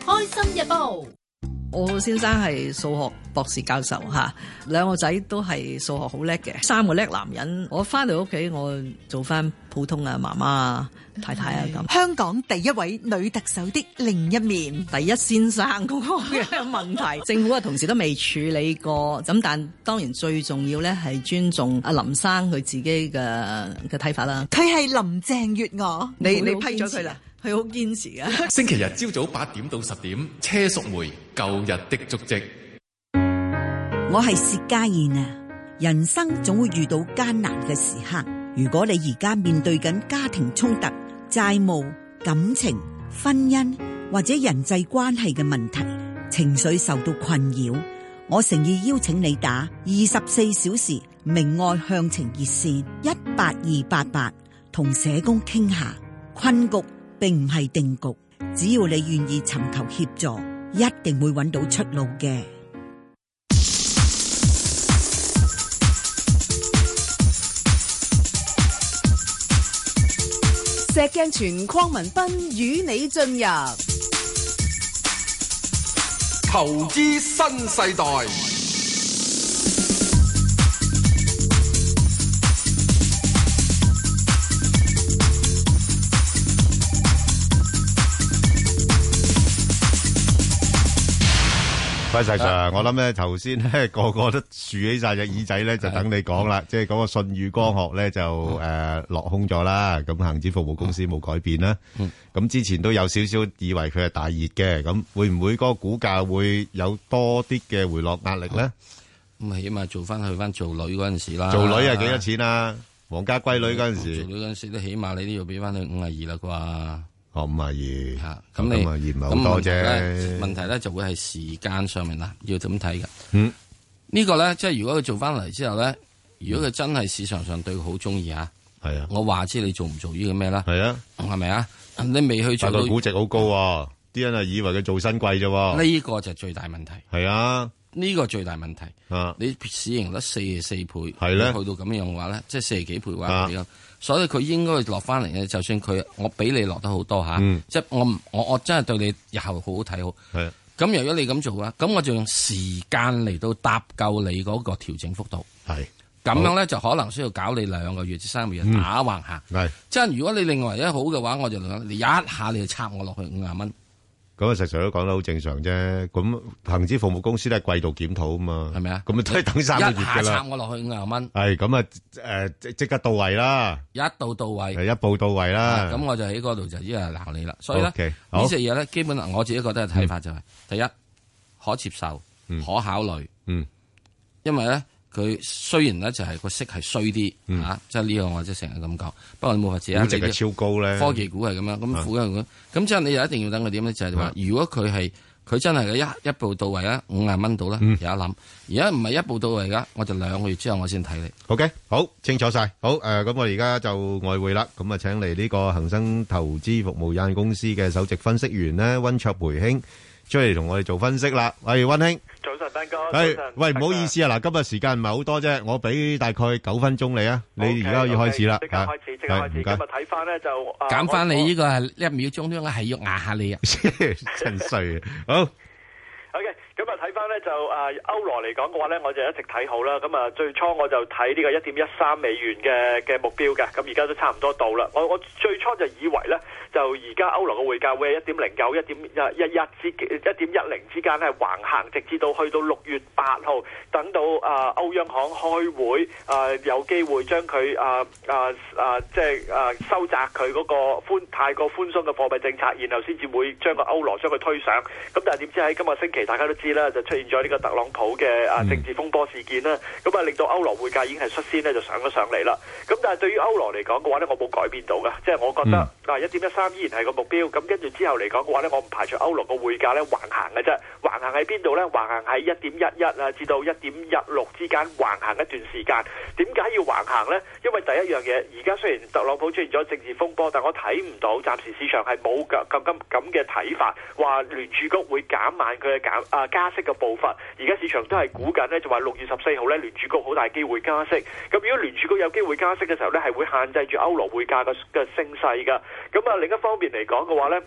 《開心日報》，我先生係數學博士教授吓、啊，兩個仔都係數學好叻嘅，三個叻男人。我翻到屋企，我做翻普通啊媽媽啊太太啊咁。是樣香港第一位女特首的另一面，第一先生個問題， 政府啊同時都未處理過。咁 但當然最重要咧係尊重阿林生佢自己嘅嘅睇法啦。佢係林鄭月娥，你你,你批咗佢啦。 係好堅持啊！ 星期日朝早八點到十點，車淑梅舊日的足跡。我係薛家燕啊！人生總會遇到艱難嘅時刻。如果你而家面對緊家庭衝突、債務、感情、婚姻或者人際關係嘅問題，情緒受到困擾，我誠意邀請你打二十四小時明愛向情熱線一八二八八，同社工傾下困局。並唔係定局，只要你願意尋求協助，一定會揾到出路嘅。石鏡泉、鄺民彬與你進入投資新世代。其實，我諗咧頭先咧個個都豎起晒隻耳仔咧，就等你講啦。即係嗰個信宇光學咧就誒落空咗啦。咁恒指服務公司冇改變啦。咁之前都有少少以為佢係大熱嘅。咁會唔會嗰個股價會有多啲嘅回落壓力咧？咁起碼做翻去翻做女嗰陣時啦。做女係幾多錢啊？皇家閨女嗰陣時，做女嗰陣時都起碼你都要俾翻佢五廿二啦啩。哦，五萬二，咁你五萬二唔係好多啫。問題咧就會係時間上面啦，要點睇嘅？嗯，個呢個咧即係如果佢做翻嚟之後咧，如果佢真係市場上對佢好中意啊，係啊，我話知你做唔做呢個咩啦？係啊，係咪啊？你未去做到估值好高，啊，啲人係以為佢做新貴啫。呢個就最大問題。係啊，呢個最大問題。你市盈率四十四倍，係咧、啊、去到咁樣嘅話咧，啊、即係四幾倍嘅話所以佢應該落翻嚟嘅，就算佢我俾你落得好多嚇，啊嗯、即係我我我真係對你日後好好睇好。係是的。咁由於你咁做啊，咁我就用時間嚟到搭夠你嗰個調整幅度。係是的。咁樣咧就可能需要搞你兩個月至三個月、嗯、打橫行。係。是的 即係如果你另外一好嘅話，我就你一下你就插我落去五十蚊。咁啊，實在都講得好正常啫。咁恒指服務公司都係季度檢討啊嘛，係咪啊？咁啊，都係等三個月嘅啦。一下插我落去五廿蚊。係咁啊，誒即即刻到位啦！一度到位，係一步到位啦。咁我就喺嗰度就依啊鬧你啦。所以咧，呢隻嘢咧，基本上我自己覺得嘅睇法就係第一可接受，可考慮。嗯，因為咧。佢雖然咧就係個息係衰啲嚇，即係呢個我即係成日咁講。不過你冇法子啊，估值係超高咧。科技股係咁樣，咁富人股，咁、嗯、之後你又一定要等佢點咧？就係、是、話，嗯、如果佢係佢真係一一步到位啦，五廿蚊到啦，有一諗。而家唔係一步到位噶，我就兩個月之後我先睇你。O、okay, K，好清楚晒。好誒，咁、呃、我而家就外匯啦。咁啊，請嚟呢個恒生投資服務有限公司嘅首席分析員咧，温卓培興。出嚟同我哋做分析啦，喂温兄，早晨斌哥，喂，喂，唔好意思啊，嗱，今日時間唔係好多啫，我俾大概九分鐘你啊，你而家可以開始啦，你而家開始，即刻開始，今日睇翻咧就減翻你呢個一秒鐘咧，係要壓下你啊，真衰啊，好。咁啊，睇翻咧就啊，歐羅嚟講嘅話咧，我就一直睇好啦。咁啊，最初我就睇呢個一點一三美元嘅嘅目標嘅，咁而家都差唔多到啦。我我最初就以為咧，就而家歐羅嘅匯價會喺一點零九、一點一一至一點一零之間係橫行，直至到去到六月八號，等到啊歐央行開會啊、呃，有機會將佢啊啊啊，即係啊收窄佢嗰個寬太過寬鬆嘅貨幣政策，然後先至會將個歐羅將佢推上。咁但係點知喺今日星期，大家都知。就出現咗呢個特朗普嘅啊政治風波事件啦，咁啊、嗯、令到歐羅匯價已經係率先咧就上咗上嚟啦。咁但係對於歐羅嚟講嘅話呢，我冇改變到噶，即、就、係、係、我覺得、嗯、啊一點一三依然係個目標。咁跟住之後嚟講嘅話呢，我唔排除歐羅個匯價咧橫行嘅啫，橫行喺邊度呢？橫行喺一點一一啊，至到一點一六之間橫行一段時間。點解要橫行呢？因為第一樣嘢，而家雖然特朗普出現咗政治風波，但我睇唔到，暫時市場係冇咁咁咁嘅睇法，話聯儲局會減慢佢嘅減啊、呃加息嘅步伐，而家市場都係估緊咧，就話六月十四號咧聯儲局好大機會加息。咁如果聯儲局有機會加息嘅時候咧，係會限制住歐羅匯價嘅嘅升勢噶。咁啊另一方面嚟講嘅話咧。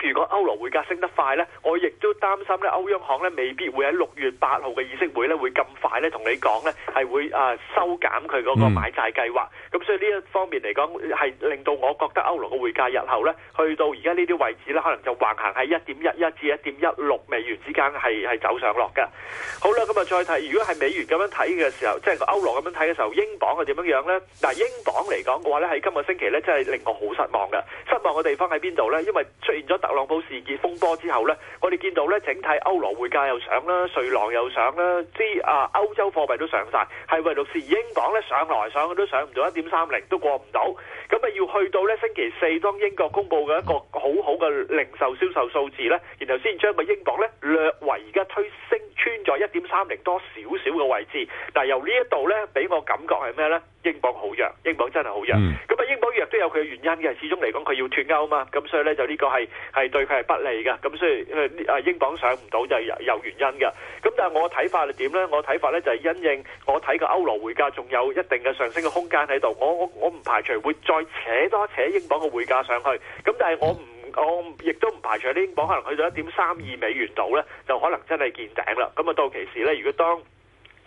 如果歐羅匯價升得快呢，我亦都擔心呢，歐央行呢未必會喺六月八號嘅議息會呢，會咁快呢同你講呢，係會啊收減佢嗰個買債計劃。咁所以呢一方面嚟講，係令到我覺得歐羅嘅匯價日後呢，去到而家呢啲位置呢，可能就橫行喺一點一一至一點一六美元之間，係係走上落㗎。好啦，咁啊再睇，如果係美元咁樣睇嘅時候，即係歐羅咁樣睇嘅時候，英鎊係點樣樣呢？嗱，英鎊嚟講嘅話呢，喺今個星期呢，真係令我好失望嘅。失望嘅地方喺邊度呢？因為出現咗特朗普事件風波之後呢，我哋見到呢整體歐羅匯價又上啦，瑞郎又上啦，之啊歐洲貨幣都上晒。係唯獨是英鎊呢上來上去都上唔到一點三零，都過唔到，咁啊要去到呢星期四當英國公佈嘅一個好好嘅零售銷售數字呢，然後先將個英鎊呢略為而家推升穿咗一點三零多少少嘅位置，但由呢一度呢，俾我感覺係咩呢？英鎊好弱，英鎊真係好弱。咁啊、嗯呃，英鎊弱都有佢嘅原因嘅，始終嚟講佢要脱歐嘛。咁所以咧就呢個係係對佢係不利嘅。咁所以啊，英鎊上唔到就有有原因嘅。咁但係我睇法係點咧？我睇法咧就係因應我睇個歐羅匯價仲有一定嘅上升嘅空間喺度。我我我唔排除會再扯多扯英鎊嘅匯價上去。咁但係我唔我亦都唔排除呢英鎊可能去到一點三二美元度咧，就可能真係見頂啦。咁啊到其時咧，如果當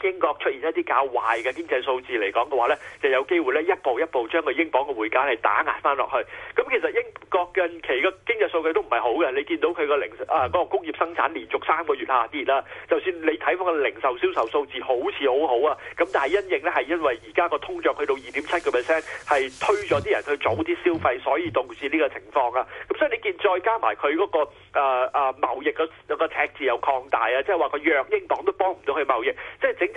英國出現一啲較壞嘅經濟數字嚟講嘅話呢，就有機會呢一步一步將個英鎊嘅匯價係打壓翻落去。咁其實英國近期嘅經濟數據都唔係好嘅，你見到佢個零啊嗰個工業生產連續三個月下跌啦。就算你睇翻個零售銷售數字好似好好啊，咁但係因應呢係因為而家個通脹去到二點七個 percent，係推咗啲人去早啲消費，所以導致呢個情況啊。咁所以你見再加埋佢嗰個啊啊貿易個個赤字又擴大啊，即係話佢弱英鎊都幫唔到佢貿易，即係整，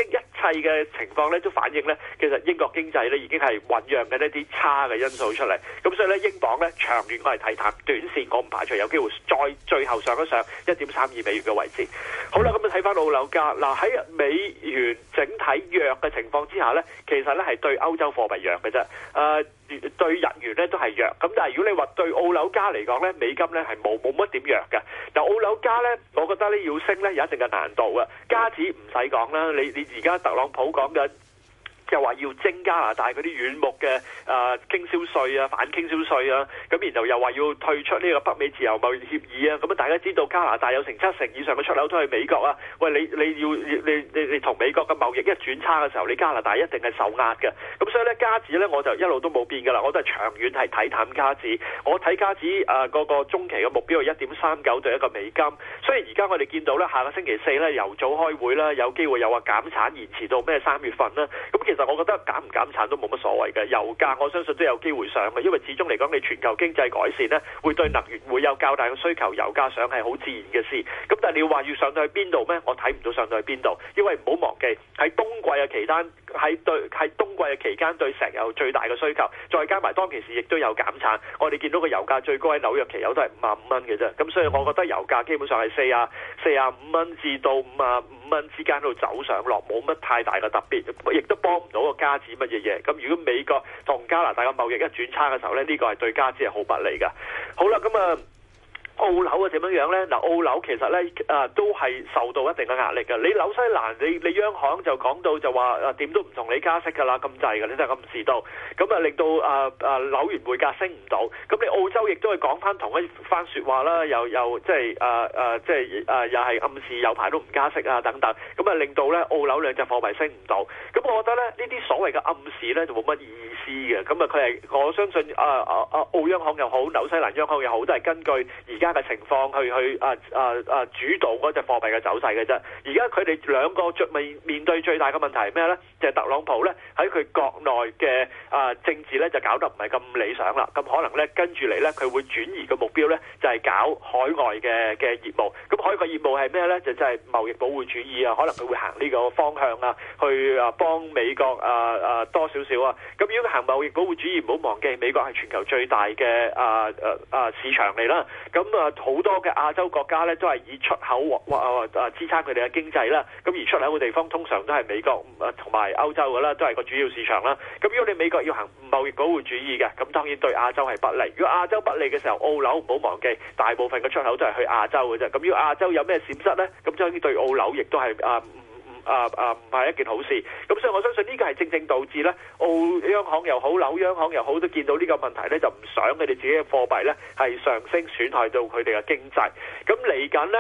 係嘅情況咧，都反映咧，其實英國經濟咧已經係醞釀緊一啲差嘅因素出嚟。咁所以咧，英鎊咧長遠我係睇淡，短線我唔排除有機會再最後上一上一點三二美元嘅位置。好啦，咁啊睇翻老樓價，嗱喺美元整體弱嘅情況之下咧，其實咧係對歐洲貨幣弱嘅啫，誒、呃。咧都係弱，咁但係如果你話對澳紐加嚟講咧，美金咧係冇冇乜點弱嘅就澳紐加咧，我覺得咧要升咧有一定嘅難度啊。加紙唔使講啦，你你而家特朗普講緊。又話要徵加拿大嗰啲軟木嘅啊傾銷稅，啊反傾銷稅啊，咁、啊啊、然後又話要退出呢個北美自由貿易協議啊，咁啊大家知道加拿大有成七成以上嘅出口都係美國啊。喂，你你要你你你同美國嘅貿易一轉差嘅時候，你加拿大一定係受壓嘅。咁所以咧，加紙咧我就一路都冇變噶啦，我都係長遠係睇淡加紙。我睇加紙啊，嗰個，個中期嘅目標係一點三九對一個美金。雖然而家我哋見到咧，下個星期四咧由早開會啦，有機會又話減產延遲到咩三月份啦。咁其實我覺得減唔減產都冇乜所謂嘅，油價我相信都有機會上嘅，因為始終嚟講你全球經濟改善呢，會對能源會有較大嘅需求，油價上係好自然嘅事。咁但係你要話要上到去邊度咩？我睇唔到上到去邊度，因為唔好忘記喺冬季嘅期間，喺對喺冬季嘅期間對石油最大嘅需求，再加埋當其時亦都有減產，我哋見到個油價最高喺紐約期油都係五啊五蚊嘅啫。咁所以我覺得油價基本上係四啊四啊五蚊至到五啊五蚊之間度走上落，冇乜太大嘅特別，亦都幫。唔到個加紙乜嘢嘢？咁如果美國同加拿大嘅貿易一轉差嘅時候咧，呢、呢個係對加紙係好不利嘅。好啦，咁啊。澳紐啊，點樣樣呢？嗱澳紐其實呢，啊，都係受到一定嘅壓力嘅。你紐西蘭，你你央行就講到就話啊，點都唔同你加息噶啦，咁滯嘅，你就咁暗示到，咁啊令到啊啊紐元匯價升唔到。咁你澳洲亦都係講翻同一番説話啦，又又即係啊啊即係啊，又係暗示有排都唔加息啊等等。咁啊令到呢澳紐兩隻貨幣升唔到。咁我覺得咧呢啲所謂嘅暗示呢，就冇乜意思嘅。咁啊佢係我相信啊啊澳央行又好，紐西蘭央行又好，都係根據而。而家嘅情況去去啊啊啊，主導嗰隻貨幣嘅走勢嘅啫。而家佢哋兩個最未面對最大嘅問題係咩呢？就係特朗普呢喺佢國內嘅啊政治呢就搞得唔係咁理想啦。咁可能呢跟住嚟呢佢會轉移個目標呢，就係搞海外嘅嘅業務。咁海外業務係咩呢？就即係貿易保護主義啊。可能佢會行呢個方向啊，去啊幫美國啊啊多少少啊。咁如果佢行貿易保護主義，唔好忘記美國係全球最大嘅啊啊市場嚟啦。咁好多嘅亞洲國家咧，都係以出口或、啊、支撐佢哋嘅經濟啦。咁而出口嘅地方通常都係美國同埋、啊、歐洲噶啦，都係個主要市場啦。咁如果你美國要行貿易保護主義嘅，咁、啊、當然對亞洲係不利。如果亞洲不利嘅時候，澳紐唔好忘記，大部分嘅出口都係去亞洲嘅啫。咁如果亞洲有咩閃失呢？咁將會對澳紐亦都係啊。啊啊，唔係一件好事。咁所以我相信呢個係正正導致呢澳央行又好、紐央行又好，都見到呢個問題呢，就唔想佢哋自己嘅貨幣呢係上升，損害到佢哋嘅經濟。咁嚟緊呢。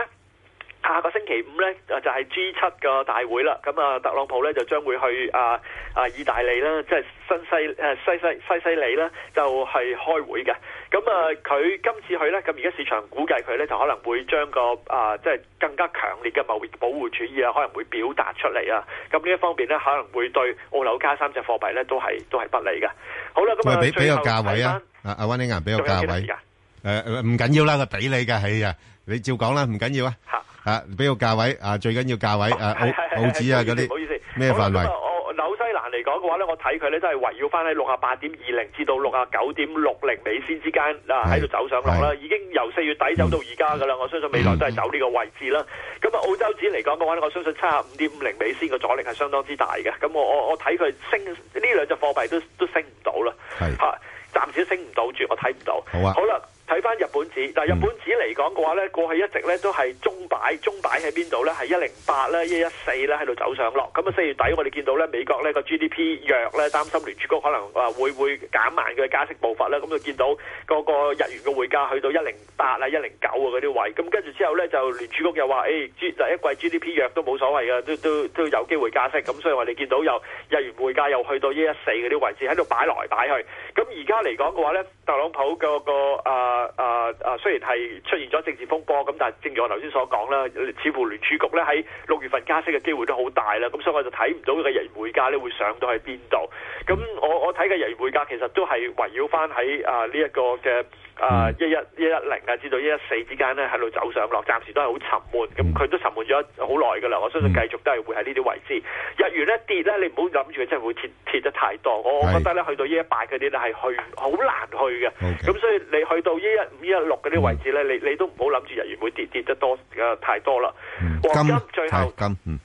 下個星期五咧，就係 G 七個大會啦。咁啊，特朗普咧就將會去啊啊，意大利啦，即係新西誒西西西西里啦，就係開會嘅。咁啊，佢今次去咧，咁而家市場估計佢咧就可能會將個啊，即係更加強烈嘅貿易保護主義啊，可能會表達出嚟啊。咁呢一方面咧，可能會對澳紐加三隻貨幣咧都係都係不利嘅。好啦，咁啊，最後俾個價位啊，阿温尼亞俾個價位，誒唔緊要啦，佢俾你嘅係啊，你照講啦，唔緊要啊。吓，俾個價位，啊，最緊要價位，誒、啊，澳澳紙啊，嗰啲，唔些好意思，咩範圍？我紐西蘭嚟講嘅話咧，我睇佢咧都係圍繞翻喺六啊八點二零至到六啊九點六零美仙之間啊，喺度是走上落啦，是已經由四月底走到而家噶啦，嗯、我相信未來都係走呢個位置啦。咁啊、嗯，澳洲紙嚟講嘅話咧，我相信七啊五點五零美仙嘅阻力係相當之大嘅。咁我我我睇佢升呢兩隻貨幣都都升唔到啦。係吓是，暫、啊、時都升唔到住，我睇唔到。好啊，好啦、啊。睇翻日本紙，嗱日本紙嚟講嘅話咧，過去一直咧都係鐘擺，鐘擺喺邊度咧？係一零八咧，一一四咧喺度走上落。咁啊，四月底我哋見到咧，美國呢個 GDP 弱咧，擔心聯儲局可能啊會會減慢佢嘅加息步伐咧。咁就見到嗰個日元嘅匯價去到一零八啊，一零九啊嗰啲位。咁跟住之後咧，就聯儲局又話：，誒、哎，G，第一季 GDP 弱都冇所謂嘅，都都都有機會加息。咁所以話你見到又日元匯價又去到一一四嗰啲位置喺度擺來擺去。咁而家嚟講嘅話咧，特朗普嘅個、uh, 啊啊啊！雖然係出現咗政治風波，咁但係正如我頭先所講啦，似乎聯儲局咧喺六月份加息嘅機會都好大啦，咁所以我就睇唔到佢嘅日元匯價咧會上到係邊度？咁我我睇嘅日元匯價其實都係圍繞翻喺啊呢一個嘅。啊，一一一一零啊，至到一一四之間呢，喺度走上落，暫時都係好沉悶。咁佢、mm. 都沉悶咗好耐㗎喇，我相信繼續都係會喺呢啲位置。Mm. 日元咧跌呢，你唔好諗住佢真係會跌跌得太多。我是我覺得呢，去到一一八嗰啲呢，係去好難去嘅。咁 Okay. 所以你去到一一五一六嗰啲位置呢，mm. 你你都唔好諗住日元會跌跌得多跌得太多啦。Mm. 金黃金最後金，嗯、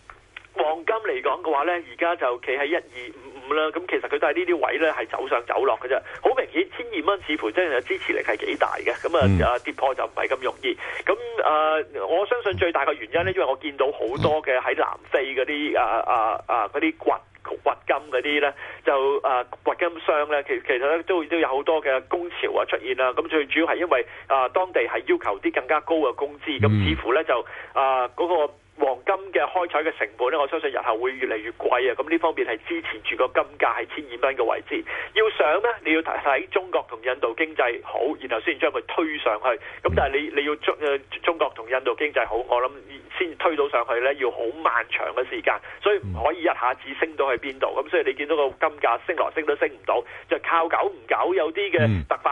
黃金嚟講嘅話呢，而家就企喺一二五。咁、嗯、其實佢都係呢啲位咧係走上走落嘅啫，好明顯千二蚊似乎真係支持力係幾大嘅，咁啊啊跌破就唔係咁容易。咁啊、呃，我相信最大嘅原因咧，因為我見到好多嘅喺南非嗰啲啊啊啊嗰啲掘掘金嗰啲咧，就啊掘、呃、金商咧，其實其實咧都都有好多嘅工潮啊出現啊，咁最主要係因為啊、呃、當地係要求啲更加高嘅工資，咁似乎咧就啊嗰、呃那個。黃金嘅開採嘅成本咧，我相信日後會越嚟越貴啊！咁呢方面係支持住個金價喺千二蚊嘅位置。要上呢，你要睇中國同印度經濟好，然後先將佢推上去。咁但係你你要中、呃、中國同印度經濟好，我諗先推到上去呢，要好漫長嘅時間，所以唔可以一下子升到去邊度。咁所以你見到個金價升落升都升唔到，就靠久唔久有啲嘅突發。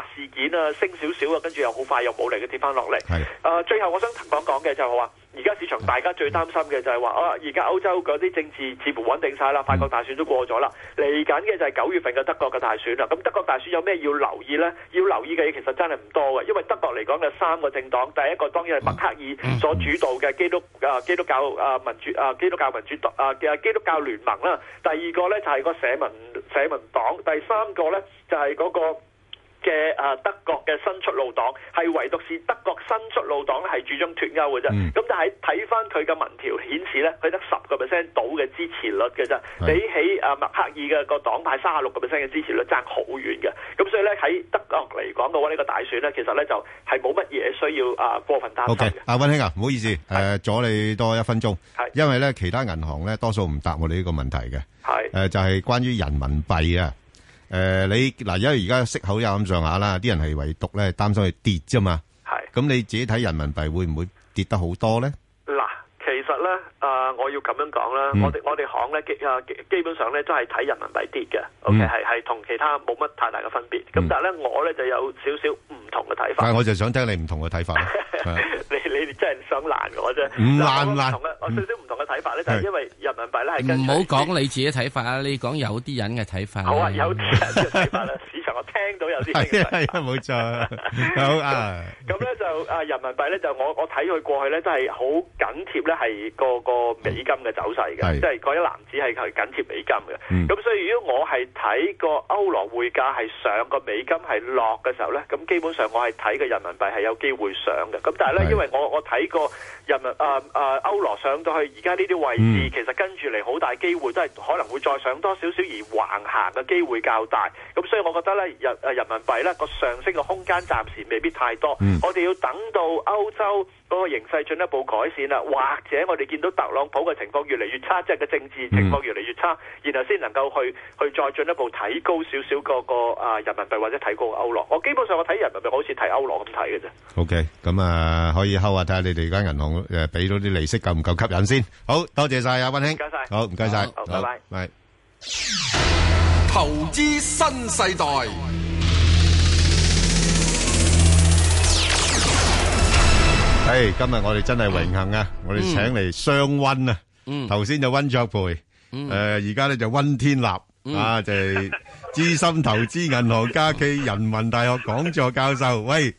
升少少啊，跟住又好快又冇嚟，佢跌翻落嚟。係的啊，最後我想講講嘅就係話，而家市場大家最擔心嘅就係話啊，而家歐洲嗰啲政治似乎穩定晒啦，法國大選都過咗啦，嚟緊嘅就係九月份嘅德國嘅大選啦。咁德國大選有咩要留意呢？要留意嘅嘢其實真係唔多嘅，因為德國嚟講有三個政黨，第一個當然係默克爾所主導嘅基督啊基督教啊民主啊基督教民主啊嘅基督教聯盟啦，第二個呢就係個社民社民黨，第三個呢就係嗰個嘅啊德。路黨係唯獨是德國新出路黨咧，係主張脫歐嘅啫。咁但係睇翻佢嘅民調顯示咧，佢得十個 percent 到嘅支持率嘅啫，是比起誒默、呃、克爾嘅個黨派三十六個 percent 嘅支持率爭好遠嘅。咁所以咧，喺德國嚟講嘅話，呢、這個大選咧，其實咧就係冇乜嘢需要啊、呃、過分擔心嘅。阿溫馨啊，唔、啊、好意思，誒是、呃、阻你多一分鐘，係是因為咧其他銀行咧多數唔答我哋呢個問題嘅。係誒是、呃、就係、是、關於人民幣啊。誒、呃，你嗱，因為而家息口有咁上下啦，啲人係唯獨咧，擔心佢跌啫嘛。係是，咁你自己睇人民幣會唔會跌得好多咧？誒，我要咁樣講啦，我哋我哋行咧基誒基基本上咧都係睇人民幣跌嘅，OK 係係同其他冇乜太大嘅分別。咁但係咧我咧就有少少唔同嘅睇法。但係，我就想聽你唔同嘅睇法。你你哋真係想難我啫？唔難唔難嘅，我少少唔同嘅睇法咧，就係因為人民幣咧係唔好講你自己睇法啊！你講有啲人嘅睇法。好啊，有啲人嘅睇法啦，市場我聽到有啲係係冇錯。好啊，咁咧就誒，人民幣咧就我我睇佢過去咧都係好緊貼咧係個。個美金嘅走勢嘅，是即係嗰一籃子係係緊貼美金嘅，咁、嗯、所以如果我係睇個歐羅匯價係上，個美金係落嘅時候咧，咁基本上我係睇個人民幣係有機會上嘅，咁但係咧，是因為我我睇過。人民啊啊歐羅上到去而家呢啲位置，嗯、其實跟住嚟好大機會都係可能會再上多少少而橫行嘅機會較大。咁所以我覺得咧人啊，人民幣咧個上升嘅空間暫時未必太多。嗯、我哋要等到歐洲嗰個形勢進一步改善啦，或者我哋見到特朗普嘅情況越嚟越差，即係個政治情況越嚟越差，嗯、然後先能夠去去再進一步提高少少個個人民幣或者提高歐羅。我基本上我睇人民幣好似睇歐羅咁睇嘅啫。OK，咁啊可以敲下睇下你哋間銀行。誒，俾到啲利息夠唔夠吸引先？好多謝晒阿溫兄，好唔該晒，好拜拜。係投資新世代，係今日我哋真係榮幸啊！我哋請嚟雙溫啊，頭先就溫卓培，誒，而家咧就溫天立啊，就係資深投資銀行家，暨人民大學講座教授。喂，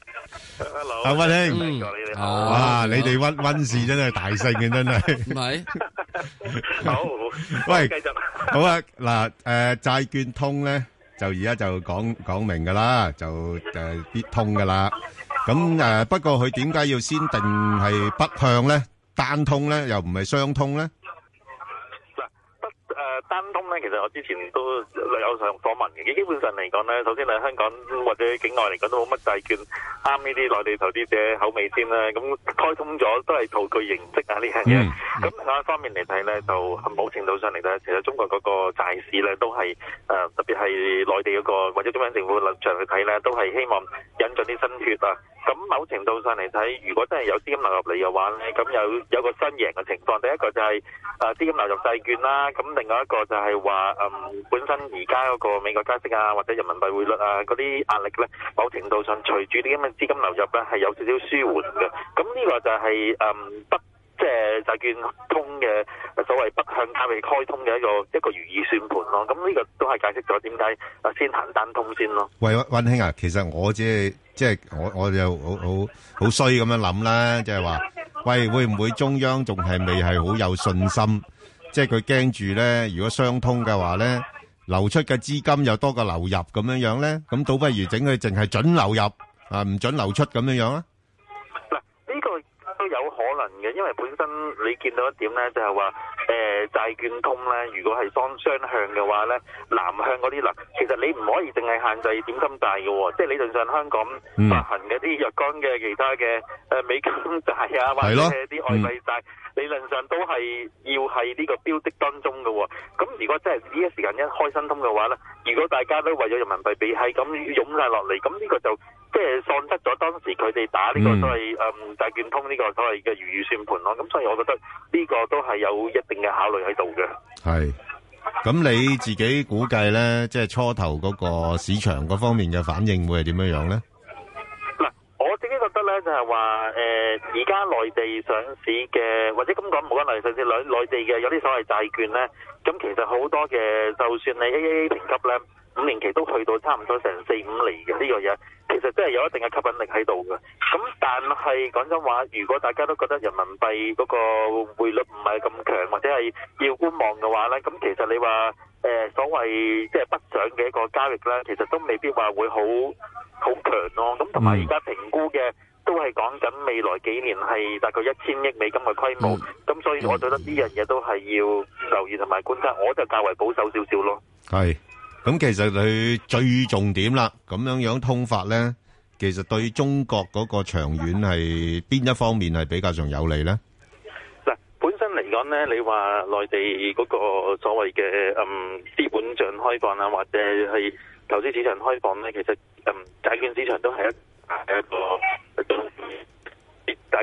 阿溫兄。啊！你哋溫溫氏真係大勝嘅，真係。唔係好喂，好啊嗱，誒債劵通債券通咧，就而家就講講明噶啦，就誒必通噶啦。咁誒，不過佢點解要先定係北向咧？單通咧，又唔係雙通咧？單通咧，其實我之前都有上所聞嘅。基本上嚟講咧，首先喺香港或者境外嚟講都冇乜債券啱呢啲內地投資者口味先啦。咁開通咗都係徒具形式啊呢樣嘢。咁另一方面嚟睇咧，就某程度上嚟睇，其實中國嗰個債市咧都係誒、呃，特別係內地嗰、那個或者中央政府立場去睇咧，都係希望引進啲新血啊。咁、嗯、某程度上嚟睇，如果真係有資金流入嚟嘅話咧，咁有有個新贏嘅情況。第一個就係、是、啊、呃，資金流入債券啦，咁、嗯、另外一個就係話，嗯，本身而家嗰個美國加息啊，或者人民幣匯率啊嗰啲壓力咧，某程度上隨住啲咁嘅資金流入咧，係有少少舒緩嘅。咁、嗯、呢、這個就係、是、嗯北即係債券通嘅所謂北向交易開通嘅一個一個如意算盤咯。咁、嗯、呢、嗯這個都係解釋咗點解先行單通先咯。喂，溫馨啊，其實我即係。即係我我就好好好衰咁樣諗啦，即係話，喂，會唔會中央仲係未係好有信心？即係佢驚住咧，如果相通嘅話咧，流出嘅資金又多過流入咁樣樣咧，咁倒不如整佢淨係準流入啊，唔準流出咁樣樣啦。嘅，因為本身你見到一點咧，就係話誒債券通咧，如果係雙雙向嘅話咧，南向嗰啲啦，其實你唔可以淨係限制點金債嘅喎，即係理論上香港發行嘅啲若干嘅其他嘅誒美金債啊，或者啲外幣債，理論上都係要係呢個標的當中嘅喎。咁如果真係呢一時間一開新通嘅話咧，如果大家都為咗人民幣幣係咁湧晒落嚟，咁呢個就即係喪失咗當時佢哋打呢個所謂誒債券通呢個所謂嘅預。預算盤咯，咁所以我覺得呢個都係有一定嘅考慮喺度嘅。係咁你自己估計咧，即係初頭嗰個市場嗰方面嘅反應會係點樣樣咧？咧就係話誒，而、呃、家內地上市嘅或者咁講冇關內地上市內內地嘅有啲所謂債券咧，咁其實好多嘅，就算你 AAA 評級咧，五年期都去到差唔多成四五厘嘅呢個嘢，其實都係有一定嘅吸引力喺度嘅。咁但係講真話，如果大家都覺得人民幣嗰個匯率唔係咁強，或者係要觀望嘅話咧，咁其實你話誒、呃、所謂即係不漲嘅一個交易咧，其實都未必話會好好強咯、啊。咁同埋而家評估嘅。都係講緊未來幾年係大概一千億美金嘅規模，咁、嗯嗯、所以我覺得呢樣嘢都係要留意同埋觀察，我就較為保守少少咯。係，咁其實佢最重點啦，咁樣樣通法呢，其實對中國嗰個長遠係邊一方面係比較上有利呢？嗱，本身嚟講呢，你話內地嗰個所謂嘅嗯資本帳開放啊，或者係投資市場開放呢，其實嗯債券市場都係一係一個，都， 大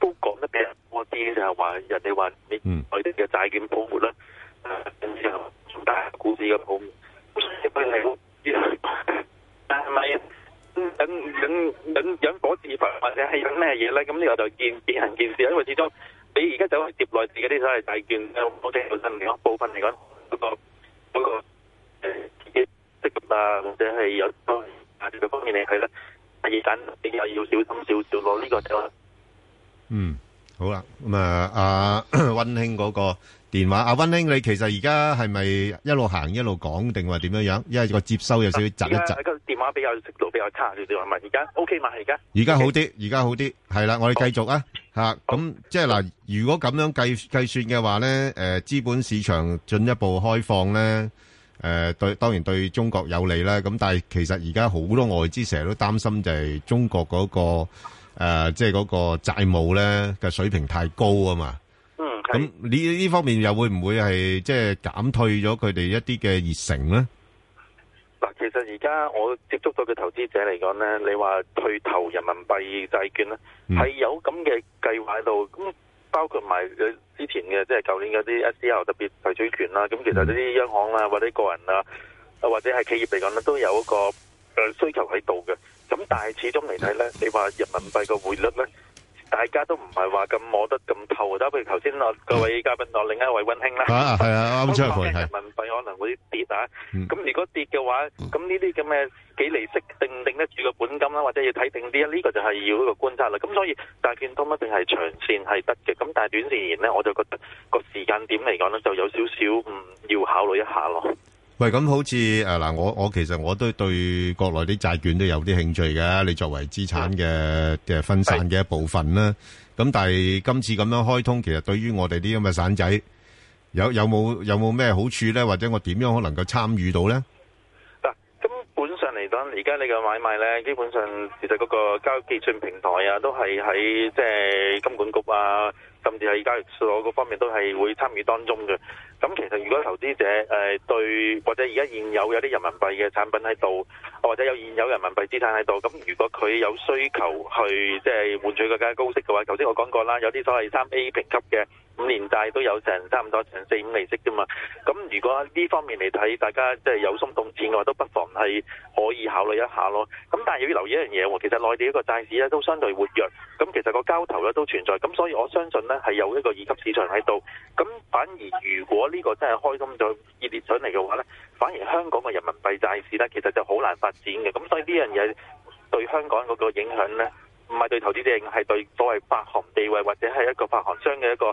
都講得比較多啲，就係話人哋話你，佢哋嘅債券泡沫啦，跟住係大股市嘅泡沫，但係咪？係，等等等引火自焚或者係引咩嘢咧？咁呢個就見見仁見智，因為始終你而家走去接內地嗰啲所謂債券我哋本身分嚟講，部分嚟講嗰個嗰個誒，知識啊，或者係有。啊，呢個方面你去啦。第二等你又要小心少少攞呢個咗。嗯，好啦，咁啊，阿溫馨嗰個電話，阿、啊、溫馨，你其實而家係咪一路行一路講定話點樣樣？因為個接收有少少窒一窒。而家個電話比較速度比較差，你話唔係？而家 OK 嘛？而家？而家好啲，而家好啲，係啦，我哋繼續啊，吓咁好、啊、即係嗱、啊，如果咁樣計計算嘅話咧，誒，資本市場進一步開放咧。誒，對，當然對中國有利啦。咁但係其實而家好多外資成日都擔心就係中國嗰個誒，即係嗰個債務咧嘅水平太高啊嘛。嗯。咁呢呢方面又會唔會係即係減退咗佢哋一啲嘅熱誠咧？嗱，其實而家我接觸到嘅投資者嚟講咧，你話退投人民幣債券咧，係有咁嘅計劃喺度。包括埋之前嘅，即係舊年嗰啲 SDR 特別提取權啦，咁其實呢啲央行啊，或者個人啊，或者係企業嚟講咧，都有一個誒需求喺度嘅。咁但係始終嚟睇咧，你話人民幣嘅匯率咧？大家都唔係話咁摸得咁透，打譬如頭先我各位嘉賓，我另一位温兄啦，係啊，啱出嚟，啊，人民幣可能會跌嚇，咁、嗯、如果跌嘅話，咁呢啲咁嘅幾釐息定唔定得住個本金啦，或者要睇定啲啊，呢、這個就係要一個觀察啦。咁所以債券通一定係長線係得嘅，咁但係短線呢，我就覺得個時間點嚟講呢，就有少少唔要考慮一下咯。喂，咁好似誒嗱，我我其實我都對國內啲債券都有啲興趣嘅。你作為資產嘅嘅分散嘅一部分咧，咁但係今次咁樣開通，其實對於我哋啲咁嘅散仔，有有冇有冇咩好處咧？或者我點樣可能夠參與到咧？嗱，根本上嚟講，而家你嘅買賣咧，基本上其實嗰個交易結算平台啊，都係喺即係金管局啊，甚至係交易所各方面都係會參與當中嘅。咁其實如果投資者誒、呃、對或者而家現有有啲人民幣嘅產品喺度，或者有現有人民幣資產喺度，咁如果佢有需求去即係換取更加高息嘅話，頭先我講過啦，有啲所謂三 A 評級嘅。五年債都有成差唔多成四五利息啫嘛，咁如果呢方面嚟睇，大家即係有心動錢嘅話，都不妨係可以考慮一下咯。咁但係要留意一樣嘢喎，其實內地一個債市咧都相對活躍，咁其實個交投咧都存在，咁所以我相信呢係有一個二級市場喺度。咁反而如果呢個真係開通咗熱烈上嚟嘅話呢，反而香港嘅人民幣債市呢，其實就好難發展嘅。咁所以呢樣嘢對香港嗰個影響呢，唔係對投資者影，係對所謂發行地位或者係一個發行商嘅一個。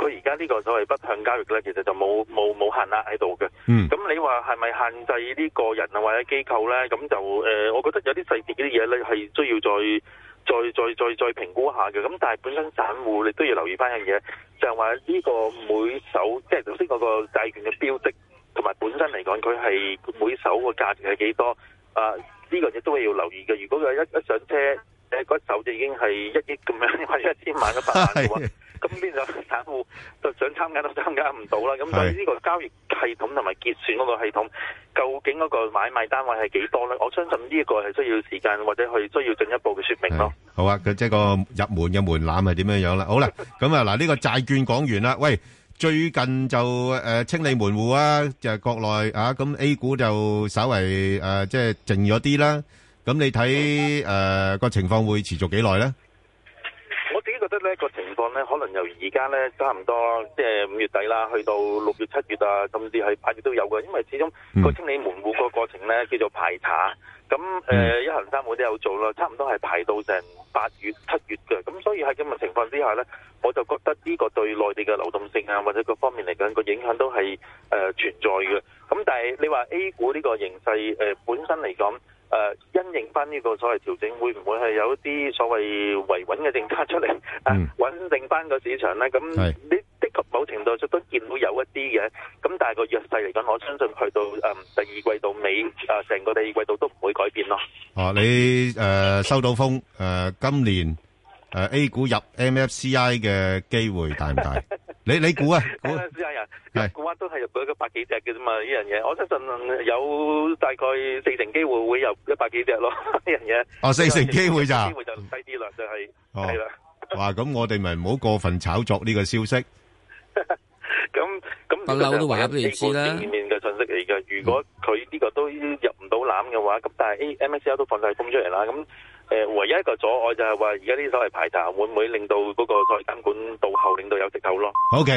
佢而家呢個所謂北向交易咧，其實就冇冇冇限額喺度嘅。咁你話係咪限制呢個人啊或者機構咧？咁就誒，我覺得有啲細節啲嘢咧係需要再再再再再評估下嘅。咁但係本身散戶你都要留意翻一樣嘢，就係話呢個每手即係頭先嗰個債券嘅標的，同埋本身嚟講佢係每手個價值係幾多啊？呢個嘢都係要留意嘅。如果佢一一上車誒嗰手就已經係一億咁樣或者一千萬一百萬嘅話。咁變咗散戶就想參加都參加唔到啦，咁所以呢個交易系統同埋結算嗰個系統，究竟嗰個買賣單位係幾多咧？我相信呢一個係需要時間或者去需要進一步嘅説明咯。好啊，佢即係個入門嘅門檻係點樣樣咧？好啦，咁啊嗱，呢個債券講完啦。喂，最近就誒清理門戶啊，就係國內啊，咁 A 股就稍為誒即係靜咗啲啦。咁你睇誒個情況會持續幾耐咧？我自己覺得咧個。咧可能由而家咧差唔多，即係五月底啦，去到六月、七月啊，甚至係八月都有嘅。因為始終個清理門戶個過程咧叫做排查，咁誒、呃、一行三會都有做啦，差唔多係排到成八月、七月嘅。咁所以喺咁嘅情況之下咧，我就覺得呢個對內地嘅流動性啊，或者各方面嚟講個影響都係誒、呃、存在嘅。咁但係你話 A 股呢個形勢誒、呃、本身嚟講。誒、呃，因應翻呢個所謂調整，會唔會係有一啲所謂維穩嘅政策出嚟，穩、嗯啊、定翻個市場咧？咁，呢是的確某程度上都見到有一啲嘅，咁但係個弱勢嚟講，我相信去到誒、呃、第二季度尾，誒、呃、成個第二季度都唔會改變咯。哦、啊，你誒、呃、收到風誒、呃，今年誒、呃、A 股入 M F C I 嘅機會大唔大？ 你你估啊？好，私家人，估話都係入到一百幾隻嘅啫嘛，呢樣嘢，我相信有大概四成機會會入一百幾隻咯，呢樣嘢。哦，四成機會咋？機會就低啲啦，就係係啦。哇，咁我哋咪唔好過分炒作呢個消息。咁咁不嬲都話俾你知啦。前面嘅信息嚟嘅，如果佢呢個都入唔到籃嘅話，咁但係 MSCI 都放晒風出嚟啦，咁。誒唯一一個阻礙就係話而家呢啲所謂排查會唔會令到個所謂監管到後令到有藉口咯？OK。